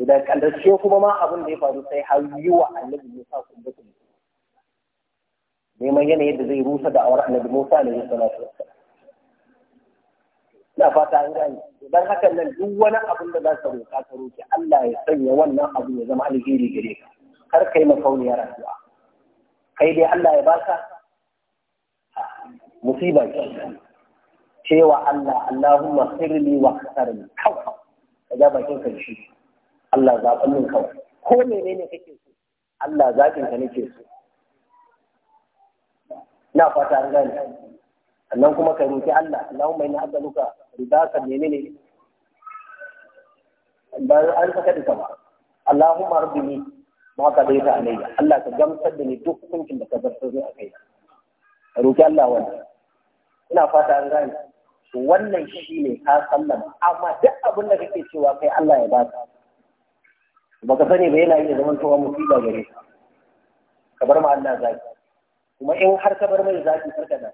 idan kallace kuma ma abin da ya faru sai har yi wa annabi Musa kumbe da neman yanayin da zai rusa da awar annabi Musa alaihi salatu wassalam na fata an gane idan hakan nan duk wani abin da za ka roƙa ka roƙi Allah ya sanya wannan abu ya zama alheri gare ka kar kai makauniya rayuwa kai dai Allah ya baka musiba ce cewa Allah Allahumma sirli wa kasarni kawai ka ja bakin ka shi Allah zaɓin min kawai ko menene kake so Allah zaɓin ka nake so ina fata an gane sannan kuma ka roki Allah Allahumma inna abdaluka ridaka menene ba an saka duka ba Allahumma rabbini ma ka dai ta alayya Allah ka gamsar da ni duk hukuncin da ka bar sai a kai roki Allah wannan ina fata an gane wannan shi ne ka sallama amma duk abin da kake cewa kai Allah ya baka baka sani ba yana iya zaman towa musiba gare ka ka bar ma Allah zaki kuma in har ka bar mai zaki farka da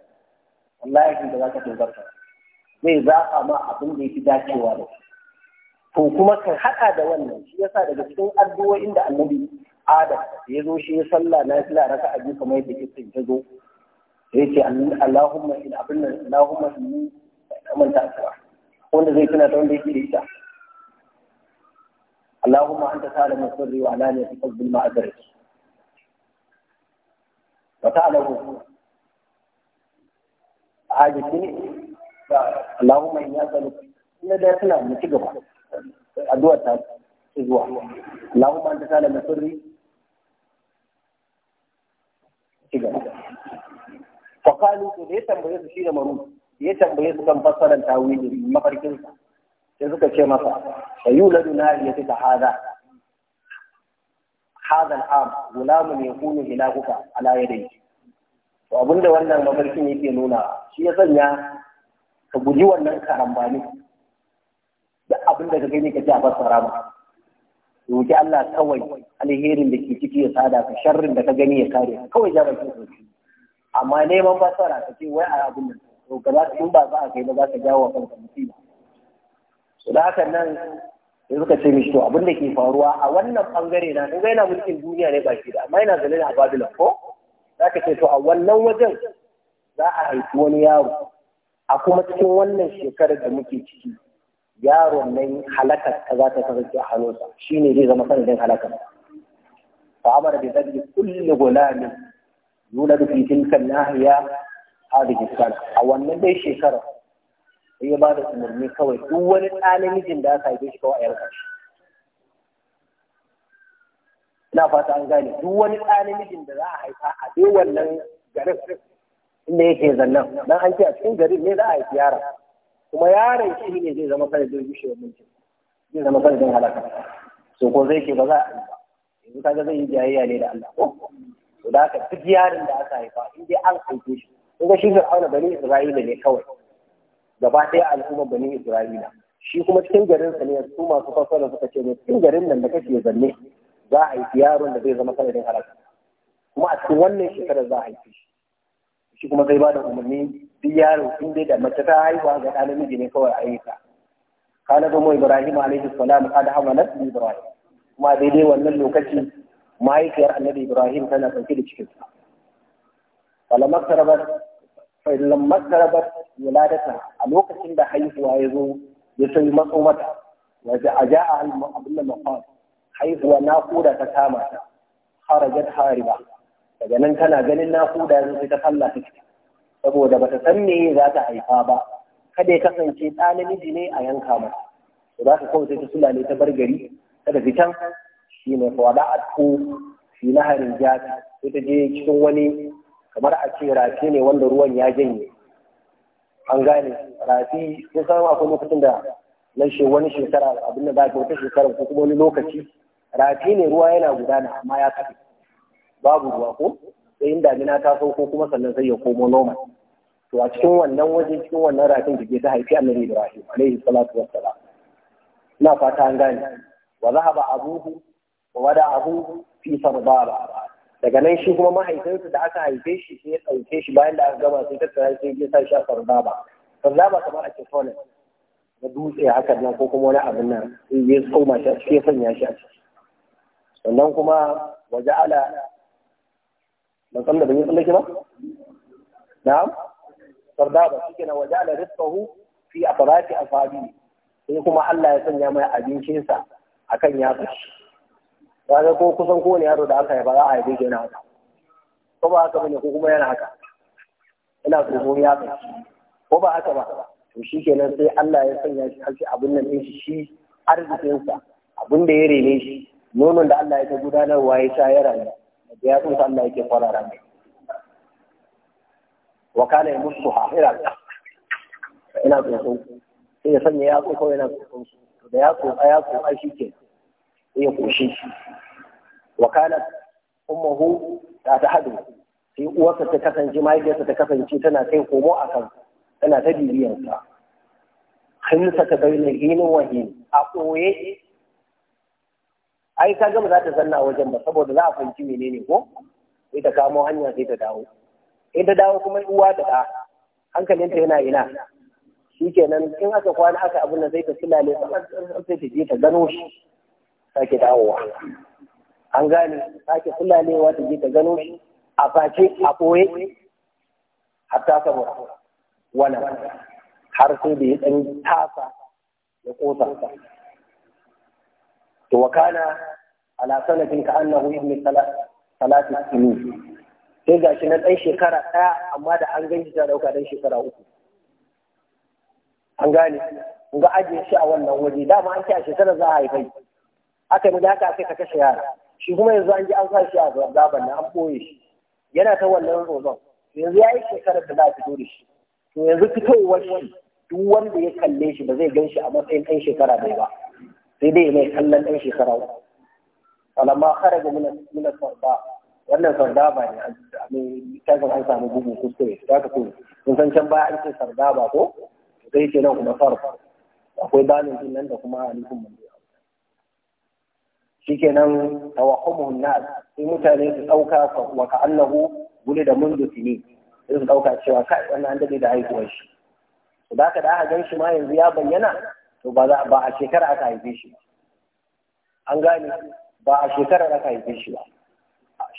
wallahi da zaka ka. zai zafa ma abin da yake dacewa da to kuma kan haɗa da wannan shi yasa daga cikin addu'o'in da annabi Adam ya zo shi ya sallah na fila raka a biyu kamar yadda kitin ta zo ya ce Allahumma in abin nan Allahumma inni kamar ta asara wanda zai tuna ta wanda yake da ita Allahumma anta ta'lamu sirri wa alaniyati qalbi ma adraki wa ta'lamu hajati Allahumma inni as'aluka inna da tana mu ci gaba addu'a ta zuwa Allahumma anta ta'lamu sirri ci gaba fa qalu to da tambaye su shi da maru ya tambaye su kan fassarar tawili mafarkinsa sai suka ce masa da laduna na ya ta hada hada al'am gulamun ya kunu ilahuka ala yadai to abinda wannan mafarkin yake nuna shi ya sanya ka guji wannan karambani da abinda ka gani ka ji a fassara ma roki Allah kawai alherin da ke ciki ya sada ka sharrin da ka gani ya kare kawai jabar kin amma neman fassara ka ce wai a abin nan to ka za in ba za a kai ba za ka jawo wa kanka musiba to da haka nan sai suka ce mishi to abin da ke faruwa a wannan bangare na kun ga yana mulkin duniya ne baki da amma yana zaune a Babylon ko za ka ce to a wannan wajen za a haifi wani yaro a kuma cikin wannan shekarar da muke ciki yaron nan halakar ta za ta kasance a hannunsa shi ne zai zama sanadin halakar fa amara bi zabi kulli gulamin yuladu fi tilka nahiya hadhihi sana a wannan dai shekara sai ya bada umarni kawai duk wani ɗa namijin da aka haife shi kawai a yarka shi ina fata an gane duk wani ɗa namijin da za a haifa a dai wannan garin inda yake zannan dan an ce a cikin garin ne za a haifi yara kuma yaran shi ne zai zama sanadin gushewar mulkin zai zama sanadin halaka so ko zai ce ba za a yi ba yanzu kaga zai yi jayayya ne da Allah ko to da aka duk yarin da aka haifa in dai an haife shi kuma shi fir'auna bani isra'ila ne kawai gaba ɗaya al'ummar bani isra'ila shi kuma cikin garin sa ne su masu da suka ce ne cikin garin nan da kake zanne za a yi yaron da zai zama sanadin halaka kuma a cikin wannan shekarar za a haifi shi shi kuma zai ba da umarni duk yaro in dai da mace ta haihuwa ga ɗan namiji ne kawai a yi ka kana zama ibrahim alaihi salam kada nan ibrahim kuma daidai wannan lokaci mahaifiyar annabi ibrahim tana ɗauke da cikinsa Kalamar sarabar lamma karabar wuladata a lokacin da haihuwa ya zo ya sai matso mata waje a ja a abin da mafan haihuwa naƙuda ta kama ta harajar hariba daga nan tana ganin nakuda ya zai ta falla ta ciki saboda ba ta san me za ta haifa ba kada ya kasance ɗa namiji ne a yanka mata to za ka kawai sai ta sulale ta bar gari Kada fitan shi ne shi na harin jati sai ta je cikin wani kamar a ce rafi ne wanda ruwan ya janye an gane rafi sun san akwai lokacin da na she wani shekara abin da zaki wata shekara ko kuma wani lokaci rafi ne ruwa yana gudana amma ya kafe babu ruwa ko sai in damina ta sauko kuma sannan sai ya komo normal to a cikin wannan waje cikin wannan rafin da ke ta haifi annabi ibrahim alaihi salatu wassalam ina fata an gane wa zahaba abuhu wa wada abuhu fi sarbara daga nan shi kuma mahaifinsa da aka haife shi sai ya ɗauke shi bayan da aka gama sai tattara sai ya sa shi a sardaba sardaba kamar a ce na dutse hakan nan ko kuma wani abin nan sai ya tsoma shi a cikin sanya shi a ciki sannan kuma waje ala ban san da ban yi tsallake ba na'am sardaba shi kenan waje ala rizqahu fi a asabi sai kuma Allah ya sanya mai abincinsa akan yatsa shi kaga ko kusan kowane yaro da aka haifa za a haife shi yana haka ko ba haka bane ko kuma yana haka ina tsoro ya kai ko ba haka ba to shi kenan sai Allah ya sanya shi har abin nan din shi shi arzikinsa abin da ya rene shi nonon da Allah ya ta gudanarwa ya sha yara ne, da ya tsunsa Allah yake kwarara ne wa kana ya musu hafira ina tsoro sai ya sanya ya tsoro yana su da ya tsoro ya tsoro shi kenan ya kushe shi kana ummuhu ta ta hadu sai uwarsa ta kasance mahaifiyarsa ta kasance tana kai komo a kan tana ta bibiyarsa hinsa ta bai lahinin wahin a ɓoye ai ka gama za ta zanna a wajen ba saboda za a fahimci menene ko sai ta kamo hanya sai ta dawo sai ta dawo kuma uwa da ɗa hankalinta yana ina shi kenan in aka kwana aka abin da zai ta silale sai ta je ta gano shi sake dawowa an gane sake kulalewa ta ji ta gano shi a face a ɓoye ta samu wannan har sai da ya ɗan tasa ya ƙosa to wakana ala sanatin ka annahu mai talatin sini sai gashi na ɗan shekara ɗaya amma da an ganshi ta ɗauka ɗan shekara uku an gane ga ajiye shi a wannan waje dama an ce a shekara za a haifai aka yi daga aka ka kashe yara shi kuma yanzu an ji an sa shi a zaban an ɓoye shi yana ta wannan rozon yanzu ya yi shekarar da za a fito da shi to yanzu fitowar shi duk wanda ya kalle shi ba zai gan shi a matsayin ɗan shekara ɗaya ba sai dai mai kallon ɗan shekara uku kare ga min sarda wannan sarda ba ne mai an samu bugu kuskure Ya ka kun sun san can baya an ce sarda ba ko sai ke nan kuma sarfa akwai banin nan da kuma alifin mandiya shikenan tawahumun nas su mutane su dauka wa ka annahu guli da mundu ne, sai su dauka cewa kai wannan an dade da haihuwar shi to da da aka gan shi ma yanzu ya bayyana to ba ba a shekara aka haife shi an gane ba a shekara aka haife shi ba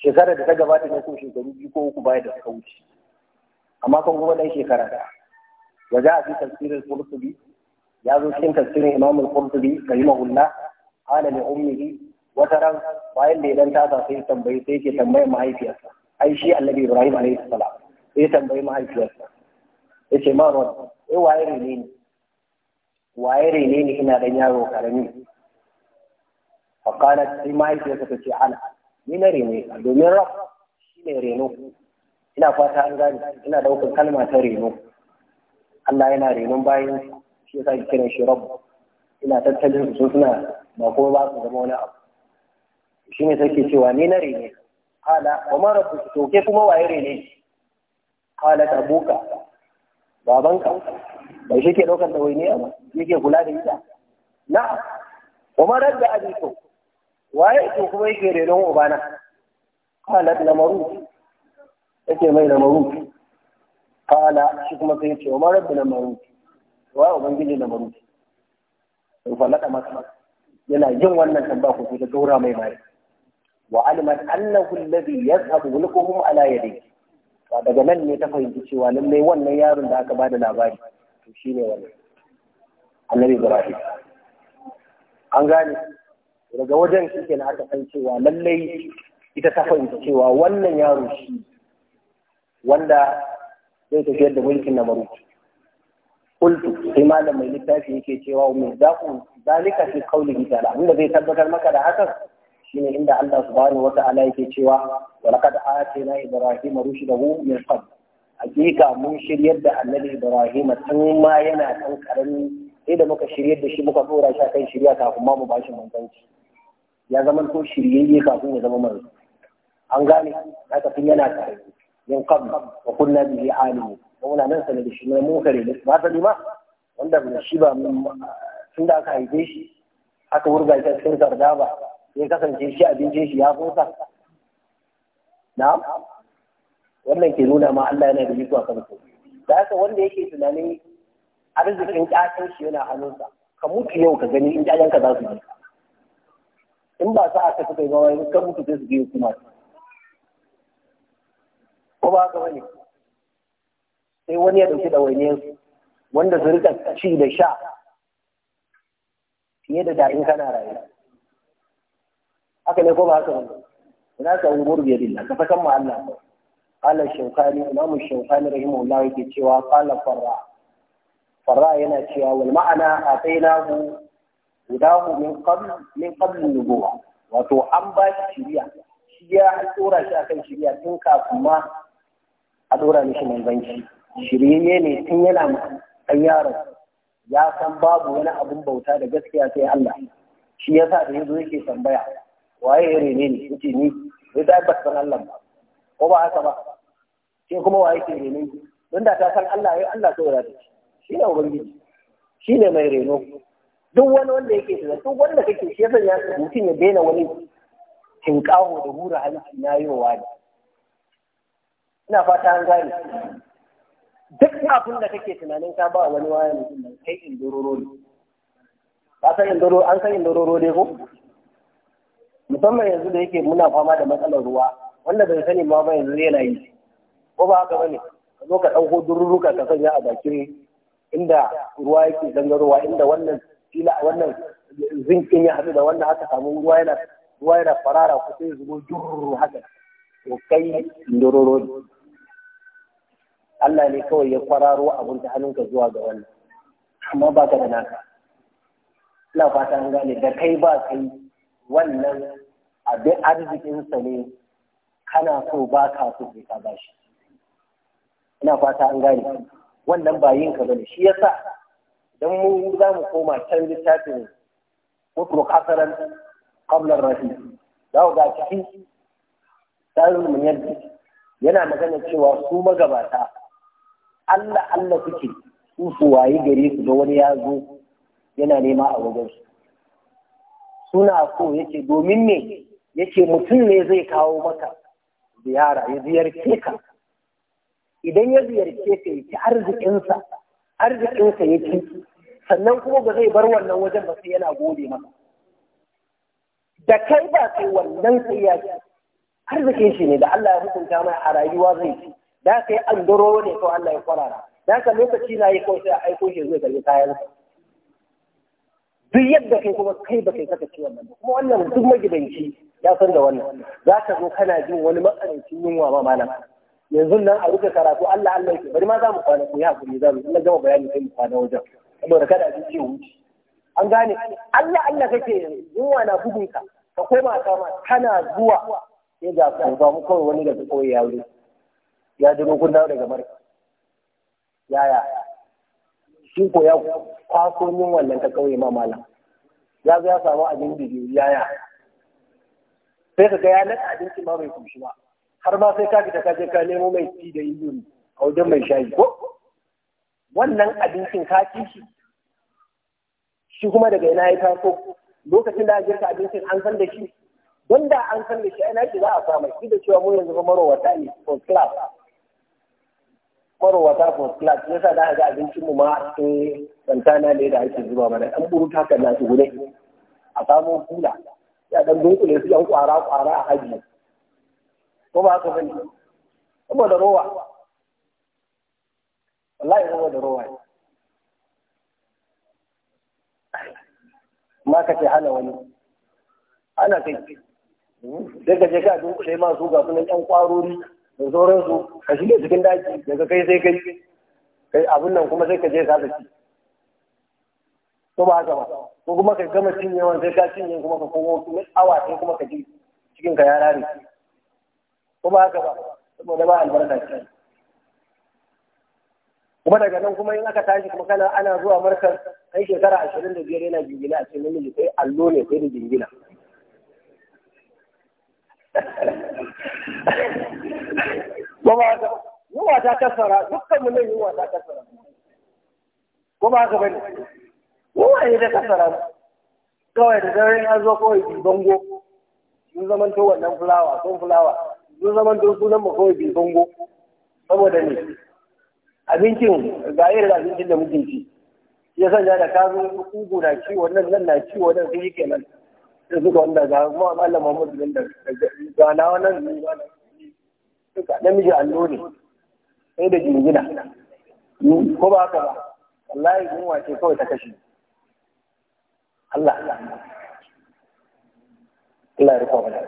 shekarar da ta gabata ne ko shekaru biyu ko uku baya da suka wuce amma kan kuma dan shekara da wa za a fi tafsirin qurtubi ya zo cikin tafsirin imamul al-qurtubi rahimahullah qala li ummihi wata ran bayan da idan tasa sai tambayi sai ke tambayi mahaifiyarsa ai shi annabi ibrahim alaihi salam sai tambayi mahaifiyarsa ya ce ma ruwan eh waye rene ni waye rene ni ina dan yaro karami fa qalat sai mahaifiyarsa ta ce ana ni na rene domin rab shi ne reno ina fata an gane ina daukar kalma ta reno Allah yana renon bayan shi yasa kiran shi rabu ina tattalin su suna ba kuma ba su zama wani abu shi ne sarki cewa ni na rene kala wa mara su toke kuma waye rene kala ta buka babanka bai shi ke ɗaukar ne ba shi ke kula da ita na wa mara da abiko waye to kuma yake renon ubana kala na maru yake mai na maru kala shi kuma sai ce wa mara da na maru wa ubangiji na maru to falaka masa yana yin wannan tambaya ko ta gaura mai mai wa aliman annahu alladhi yazhabu mulkuhum ala yadihi Wa daga nan ne ta fahimci cewa lallai wannan yaron da aka bada labari to shine wannan annabi ibrahim an gane daga wajen shi kenan aka san cewa lallai ita ta fahimci cewa wannan yaro shi wanda zai tafi da mulkin na maruki kultu sai malam mai littafi yake cewa mai zaku zalika fi da ta'ala inda zai tabbatar maka da hakan shine inda Allah subhanahu wata'ala yake cewa wa laqad atina ibrahima rushdahu min qabl hakika mun shiryar da annabi ibrahima tun ma yana kan karami sai da muka shiryar da shi muka tsora shi akan shirya kafin ma mu bashi manzanci ya zama to shiryayye kafin ya zama manzo an gane haka tun yana karami min qabl wa kunna bihi alimin muna nan sanar da shi ne mun kare ne ba ta ma wanda shi ba tun da aka haife shi aka wurga shi cikin sarda ya kasance shi abincin shi ya kusa na wannan ke nuna ma Allah yana da mutuwa a kan da haka wanda yake tunanin arzikin ƙasar shi yana hannunsa ka mutu yau ka gani in ka za su ji in ba sa'a aka suka yi ba wani ka mutu sai su biyo kuma ko ba ka bane sai wani ya ɗauki ɗawainiyarsu wanda su rika ci da sha fiye da da kana rayuwa haka ne ko ba haka ne ina ka umur bi yadillah ka fakan ma Allah Allah shaukani shawkani imam shawkani rahimahullah yake cewa qala farra farra yana cewa wal ma'ana atainahu hudahu min qabl min qabl nubuwa wato an ba shi shiriya shi ya tsora shi akan shiriya tun kafin ma a dora mishi manzanci shirye ne tun yana ɗan yaron ya san babu wani abun bauta da gaskiya sai Allah shi yasa da yanzu yake tambaya waye ya rene ni yace ni sai ta ba san Allah ba ko ba haka ba shi kuma waye ke rene ni don da ta san Allah ya Allah sai ya ta shi ne ubangiji shi ne mai reno duk wani wanda yake da duk wanda kake shi yasa ya mutum ya daina wani tinkaho da hura halin na wa ne ina fata an gane duk abin da kake tunanin ka ba wani waya mutum nan kai indororo ne ba san indororo an san indororo ne ko musamman yanzu da yake muna fama da matsalar ruwa wanda bai sani ma ba yanzu yana yi ko ba haka bane ka zo ka ɗauko dururruka ka sanya a bakin inda ruwa yake gangarowa inda wannan fila wannan zinkin ya haɗu da wannan aka samu ruwa yana ruwa yana farara ko sai zubo dururru haka to kai dururu ne Allah ne kawai ya kwararo abun ta hannunka zuwa ga wannan amma ba ka da naka ina fata an gane da kai ba kai wannan abin arzikinsa ne kana so ba ka so sai ka bashi ina fata an gane wannan ba yin ka bane shi yasa dan mu za mu koma can littafin mutruk hasaran qabla rahim za ku ga ciki tsarin mun yadda yana magana cewa su magabata Allah Allah suke su su gare su da wani ya zo yana nema a wajen su suna so yake, domin me yake mutum ne zai kawo maka ziyara ya ziyarce ka idan ya ziyarce ka ya ci arzikinsa arzikinsa ya sannan kuma ba zai bar wannan wajen ba sai yana gode maka da kai ba sai wannan sai ya ci arzikin shi ne da Allah ya hukunta mai a rayuwa zai ci da kai an doro ne to Allah ya kwarara da ka lokaci na yi kawai sai a aiko shi zai gari kayansa duk yadda kai kuma kai ba kai saka ciwon nan kuma wannan duk magidanci ya san da wannan za ka zo kana jin wani matsanancin yunwa ma malam yanzu nan a rufe karatu Allah Allah ke bari ma za mu kwana ku yi hakuri za mu in gama bayani sai mu kwana wajen saboda kada a ji wuce an gane Allah Allah kake yunwa na bugun ka ka koma kama kana zuwa ya ga ku ba mu kawai wani daga kauye ya wuri ya duro kunna daga marka yaya shi ko ya kwaso yin wannan ta kauye ma malam ya zo ya samu abin da yaya sai ka ga ya naka abinci ma bai kushi ba har ma sai ka fita ka je ka nemo mai ci da indomi a wajen mai shayi ko wannan abincin ka ci shi shi kuma daga ina ya taso lokacin da girka abincin an san da shi wanda an san da shi ina shi za a samu shi da cewa mu yanzu kuma marowata ne for class kwaro wata for class yasa da ga abincin mu ma eh santana ne da ake zuba mana na a samu kula ya dan dunkule su yan kwara kwara a haji ko ba haka bane kuma da rowa wallahi kuma da rowa ma ka ce hana wani ana kai je ka dunkule da sauransu ka shirya cikin daki daga kai sai kai kai abin nan kuma sai ka je ka ci ko ba haka ba ko kuma ka gama cinyewan sai ka cinye kuma ka komo kuma awa sai kuma ka ji cikin ka ya rare ko ba haka ba saboda ba albarka ce kuma daga nan kuma in aka tashi kuma kana ana zuwa markar kai shekara ashirin da biyar yana jingina a cikin namiji sai allo ne kai da jingina Kuma yunwa ta kasara dukkan mu ne yunwa ta kasara. Kuma haka bane. Yunwa ne ta kasara. Kawai da dare an zo kawai bi bango. Sun zaman to wannan fulawa, sun fulawa. Sun zaman to sunan mu kawai bi bango. Saboda ne abincin ga irin abincin da muke ci. Ya sanya da kazo kugu na ci wannan nan na ci wannan sun yi kenan. da suka wanda ga mu Allah Muhammadu bin da ga na wannan ne duka namiji allo ne sai da jingina ko ba haka ba wallahi yunwa ce kawai ta kashe Allah Allah ya rufa mana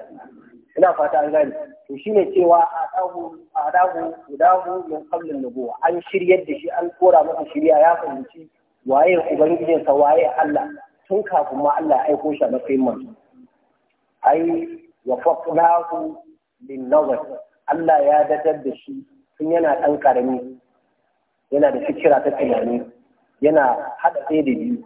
ina fata an gane to shine cewa a adahu adahu udahu min qabl an-nubuwa an shiryar da shi an kora masa shiriya ya fahimci waye ubangijin sa waye Allah tun kafin ma Allah ya aiko shi a matsayin manzo ai wa faqnahu lin-nazar Allah ya dadar da shi tun yana ɗan ƙarami yana da fikira ta tunani yana haɗa ɗaya da biyu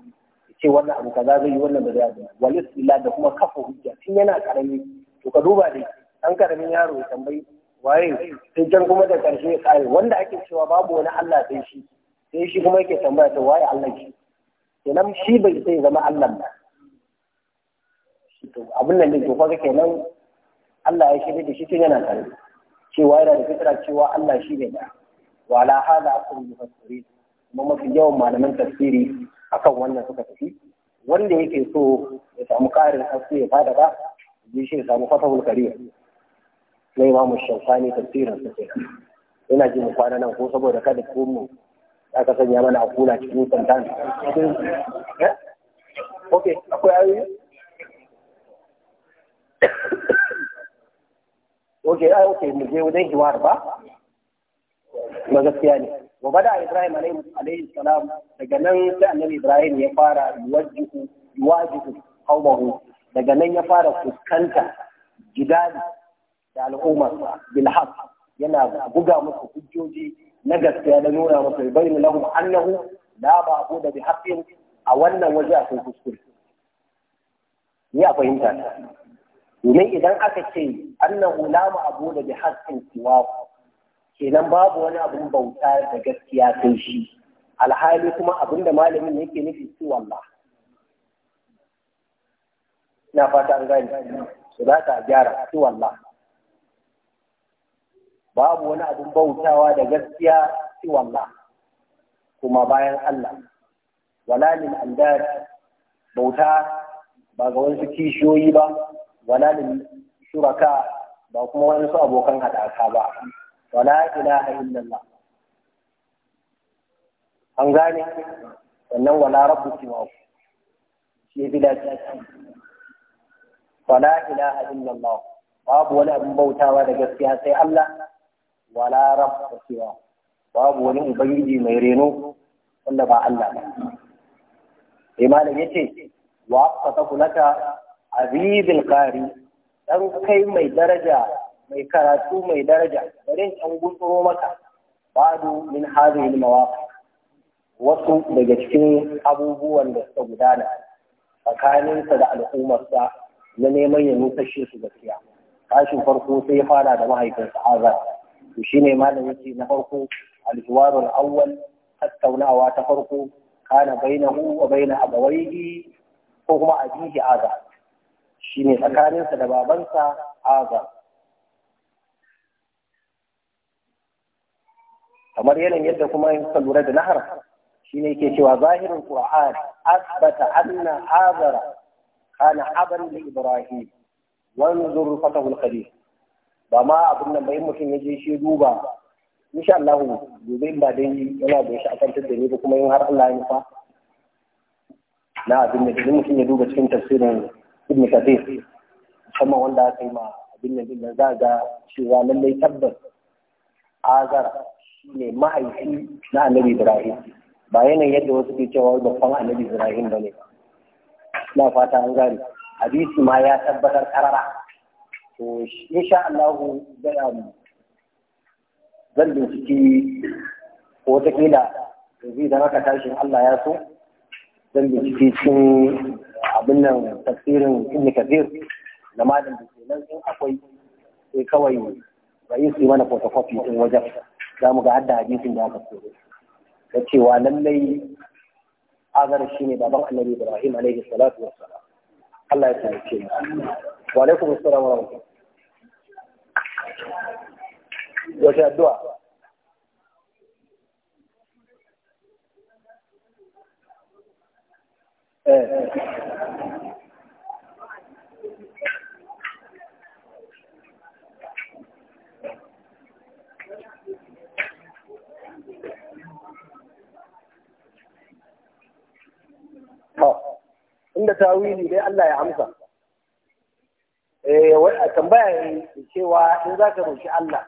ce wannan abu kaza zai yi wannan ba zai yi walis ila da kuma kafa hujja tun yana ƙarami to ka duba dai ɗan ƙaramin yaro ya tambayi waye sai can kuma da ƙarshe ya ƙare wanda ake cewa babu wani Allah sai shi sai shi kuma yake tambaya ta waye Allah shi kenan shi bai sai zama Allah ba abin nan ne to kaga kenan Allah ya shirya da shi tun yana ƙarami cewa yana da fitra cewa Allah shi ne da wala hada akul mufassiri kuma mafi yawan malaman tafsiri akan wannan suka tafi wanda yake so ya samu karin haske ya fada ba ji shi ya samu fasahul kariya na imamu shaukani tafsirin su ke ina jin kwana nan ko saboda kada ko mu aka sanya mana a kula cikin santan eh? ok akwai ayoyi oke ai oke mu je wajen hiwar ba ba gaskiya ne wa bada ibrahim alaihi salam daga nan sai annabi ibrahim ya fara yuwajjihu yuwajjihu qaumahu daga nan ya fara fuskanta jidali da al'ummar bil haqq yana buga musu hujjoji na gaskiya da nuna musu bayin lahum annahu la da bi haqqin a wannan waje akwai kuskure ni a fahimta domin idan aka ce annahu abu da bi haqqin siwa kenan babu wani abun bauta da gaskiya kan shi alhali kuma abin da malamin yake nufi su wallah na fata an gani su za ta gyara su wallah babu wani abin bautawa da gaskiya su wallah kuma bayan Allah wala lil andar bauta ba ga wasu kishiyoyi ba wala lil shuraka ba kuma wani su abokan haɗaka ba wala ilaha illallah an gane sannan wala rabbu siwa ku shi ya fi dace wala ilaha illallah babu wani abin bautawa da gaskiya sai Allah wala rabbu siwa babu wani ubangiji mai reno wanda ba Allah ba sai malam yace wa aqata laka abidul kari ɗan kai mai daraja mai karatu mai daraja bari in gutsuro maka ba'du min hadhihi al mawaƙa. wasu daga cikin abubuwan da suka gudana tsakaninsa da al'ummarsa na neman ya nufashe su gaskiya Kashin farko sai ya fara da mahaifinsa azar to shine malamin ce na farko alhiwarul awwal tattaunawa ta farko kana bainahu wa baina abawaihi ko kuma abihi azar shi ne tsakaninsa da babansa azam kamar yanayin yadda kuma yin lura da nahar shi ne ke cewa zahirin qur'an asbata anna azara kana aban da ibrahim wanzur fatahul qadir ba ma abin nan bayan mutum ya je shi duba insha Allah gobe in ba dai yana da shi akan da ne ba kuma yin har Allah ya nufa na abin da mutum ya duba cikin tafsirin ibn kathir musamman wanda aka yi ma abin nan din za ga cewa lallai tabbas azar shine mahaifi na annabi ibrahim ba yanayin yadda wasu ke cewa babban annabi ibrahim ba ne na fata an gane hadisi ma ya tabbatar karara to insha Allah zan binciki ko kila zai zama ka tashin Allah ya so zan binciki cikin abin nan tafsirin ibn kafir da malam da ke nan in akwai sai kawai bai su mana photocopy din wajen za mu ga hadda hadisin da aka tsoro da cewa lallai azar shi ne baban annabi ibrahim alaihi salatu wassalam Allah ya tsare mu wa alaikum assalam wa rahmatullahi wa barakatuh wata addu'a Eh. inda tawili dai Allah ya amsa eh tambaya cewa in za ka roƙi Allah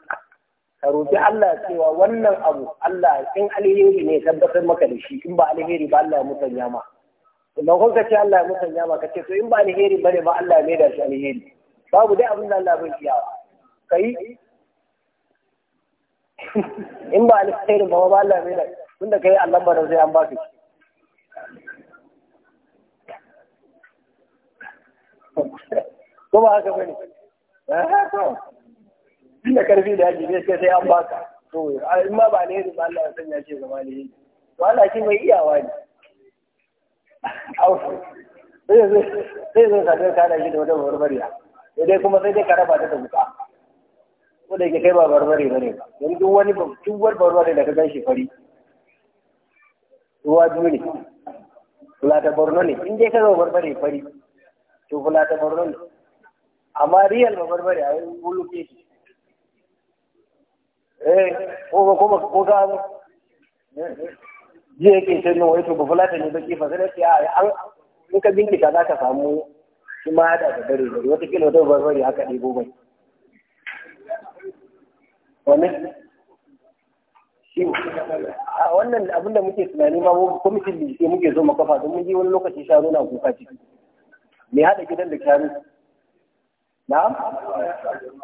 ka roƙi Allah cewa wannan abu Allah in alheri ne tabbatar maka da shi in ba alheri ba Allah ya musanya ma ba kun ka ce Allah ya musanya ba ka ce to in ba alheri bane ba Allah ya maida shi alheri babu dai abin da Allah bai iyawa kai in ba alheri ba ba Allah ya maida da kai Allah ba sai an ka ci. ko ba haka bane eh, da karfi da yaji sai sai an baka to in ma ba alheri ba Allah ya sanya ce zama alheri to Allah shi mai iyawa ne sai zo sadar ka da shi da wata barbariya sai dai kuma sai dai ka raba ta da wuka ko da yake kai ba barbare bane ba don duk wani duk wani barbare da ka gan shi fari ruwa biyu ne fulata borno ne in dai ka zama barbare fari to fulata borno ne amma riyal ba barbare a yi wuluke shi eh ko ba ko ba ko ga jiya ya ce min wai to ba fulata ne ke fa sai ya an in ka bincika za ka samu shi ma da dare dare wata kila wata barbari haka ɗebo bai wani shi a wannan abinda muke tunani ma ko kwamitin bincike muke zo mu kafa don mun je wani lokaci shanu na kuka ciki me haɗa gidan da shanu na'am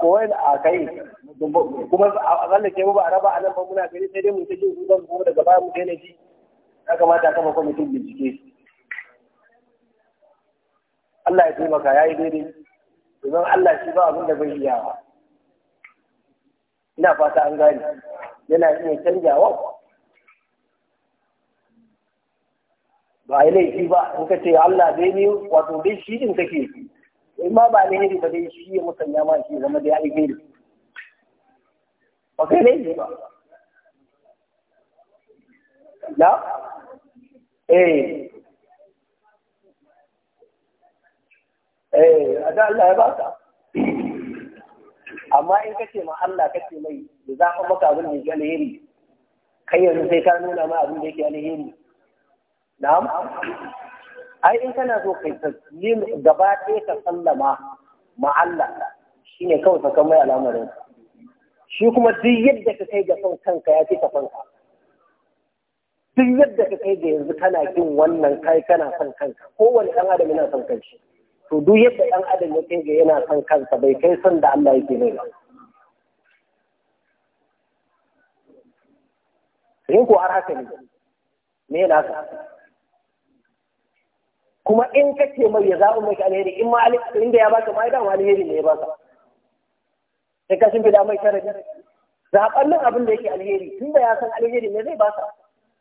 ko a kai kuma a tsallake mu ba a raba a nan ba muna gani sai dai mu ta jin kudan ko daga baya mu daina ji ya kamata kama kwamitin bincike Allah ya taimaka ya yi daidai domin Allah shi ba abin da bai iya ba ina fata an gane yana iya canjawa ba a yi laifi ba in ka ce Allah bai ne wato dai shi din kake in ma ba alheri ba dai shi ya musanya ma shi zama da ya yi alheri ba kai laifi ba ya eh, eh a da Allah ya ka. amma in kace ma Allah ce mai da za ka maka abin da yake alheri kai yanzu sai ka nuna ma abin da yake alheri na'am ai in kana so kai taslim gaba ɗaya ka sallama ma Allah shine kawai ka mai al'amarin shi kuma duk yadda ka kai ga son kanka ya ce ka fanka duk yadda ka kai da yanzu kana kin wannan kai kana son kanka kowane ɗan adam yana son kanshi to duk yadda ɗan adam ya kai ga yana son kansa bai kai son da Allah yake ne ba in ko har haka ne me na ka kuma in ka ce mai ya zaɓi mai alheri in ma inda ya baka ma ya dama alheri ne ya baka sai ka shimfida mai sharadi zaɓen nan abin da yake alheri tun da ya san alheri ne zai baka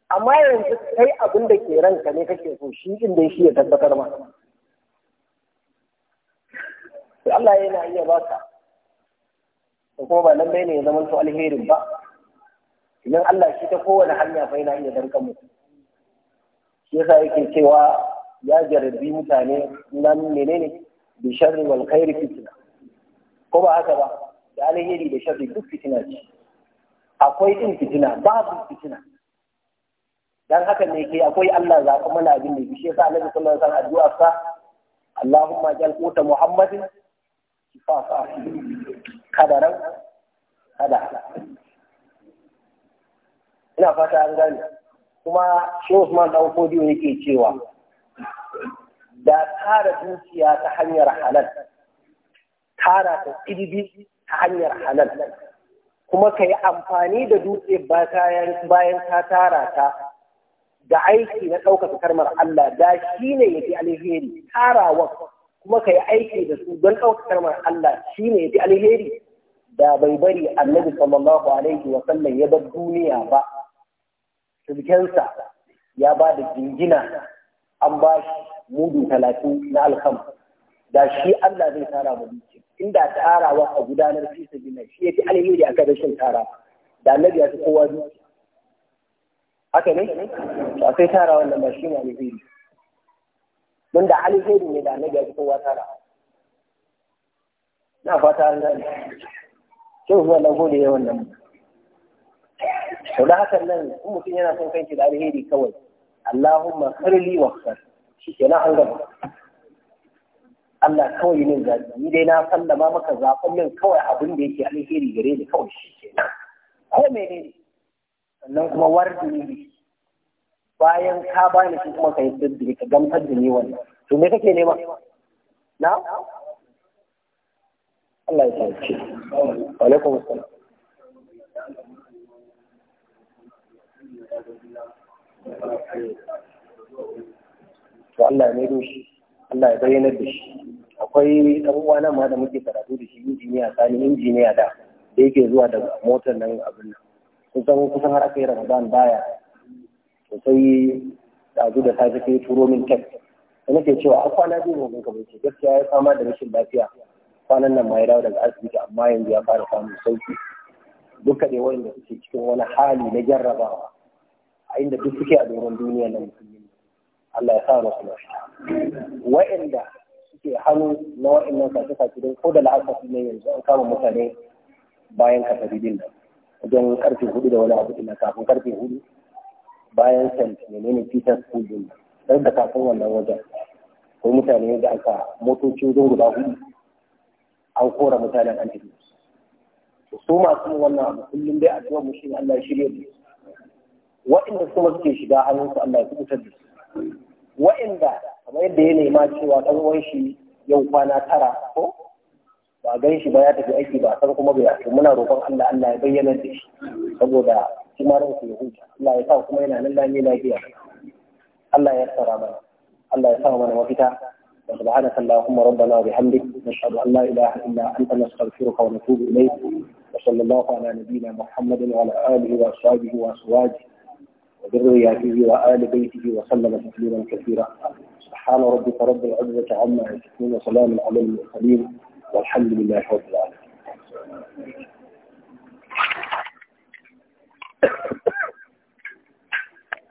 amma yanzu kai abin da ke ranka ne kake so shi inda shi ya tabbatar ma Allah yana iya baka da kuma ba lallai ne ya zama to alherin ba idan Allah shi ta kowane hanya fa yana iya darkan mu shi yasa yake cewa ya jarabi mutane nan menene bi sharri wal khairi fitna ko ba haka ba da alheri da sharri duk fitina ce akwai din fitina babu fitina dan haka ne ke akwai Allah za kuma na abin da shi yasa Annabi sallallahu alaihi wasallam addu'a sa Allahumma jal quta Muhammadin kifafa kadaran kada ina fata an gane kuma Shehu Usman dan Fodiyo yake cewa da tara dukiya ta hanyar halal tara ta ƙirbi ta hanyar halal kuma ka yi amfani da dutse bayan ka tara ta da aiki na ɗaukaka karmar Allah da shi ne ya fi alheri tarawa kuma ka yi aiki da su don ɗaukaka karmar Allah shi ne ya fi alheri da bai bari annabi sallallahu alaihi wa sallam ya bar duniya ba sulkensa ya ba da jingina an ba shi mudu talatin na alkama. da shi Allah zai tara mu duki inda tarawa a gudanar fi sabila shi ya fi alheri a rashin tara da annabi ya fi kowa duki haka ne to akwai tara wannan ba shi ne alheri don da alheri ne da annabi ya fi kowa tara na fata an gane shin zuwa na gode yawan nan to da hakan nan in mutum yana son kanki da alheri kawai Allahumma karli wa khar shi ke an gaba Allah kawai min zaɓi ni dai na sallama maka zaɓen min kawai abin da yake alheri gare ni kawai shi kenan ko menene sannan kuma wardi ne bayan ka ba ni shi kuma ka yi sirri ka gamsar da ni wannan to me kake nema na Allah ya sauke alaikum assalam to Allah ya maido shi Allah ya bayyana da shi akwai ɗan uwa nan ma da muke karatu da shi injiniya sani injiniya da da yake zuwa da motar nan abin nan kusan kusan har aka yi Ramadan baya sai ɗazu da safe sai turo min tek da nake cewa a kwana biyu mun gaba ce gaskiya ya fama da rashin lafiya kwanan nan ma ya dawo daga asibiti amma yanzu ya fara samun sauki duka dai wanda suke cikin wani hali na jarrabawa a inda duk suke a doron duniya na musulmi Allah ya sa masu lafiya Wa'inda suke hannu na wa'annan sace-sace don ko da la'asar ne yanzu an kama mutane bayan kasabidin nan wajen karfe hudu da wani abu ina kafin karfe hudu bayan ne menene peter school din sai da kafin wannan wajen ko mutane da aka motocin zungu guda hudu an kora mutanen an tafi su masu wannan abu kullum dai addu'a mu shine Allah ya shirye mu waɗanda kuma suke shiga hannun su Allah ya kubutar da su waɗanda kamar yadda ya nema cewa ɗan uwan shi yau kwana tara ko ba gan shi ba ya tafi aiki ba san kuma bai yato muna roƙon Allah Allah ya bayyana da shi saboda shi ma huta Allah ya sa kuma yana nan lami lafiya Allah ya tsara mana Allah ya sa mana mafita سبحانك اللهم ربنا وبحمدك نشهد ان لا اله الا انت نستغفرك ونتوب اليك وصلى الله على نبينا محمد وعلى اله واصحابه وازواجه وذرياته وال بيته وسلم تسليما كثيرا سبحان ربك رب العزه عما يصفون وسلام على المرسلين والحمد لله رب العالمين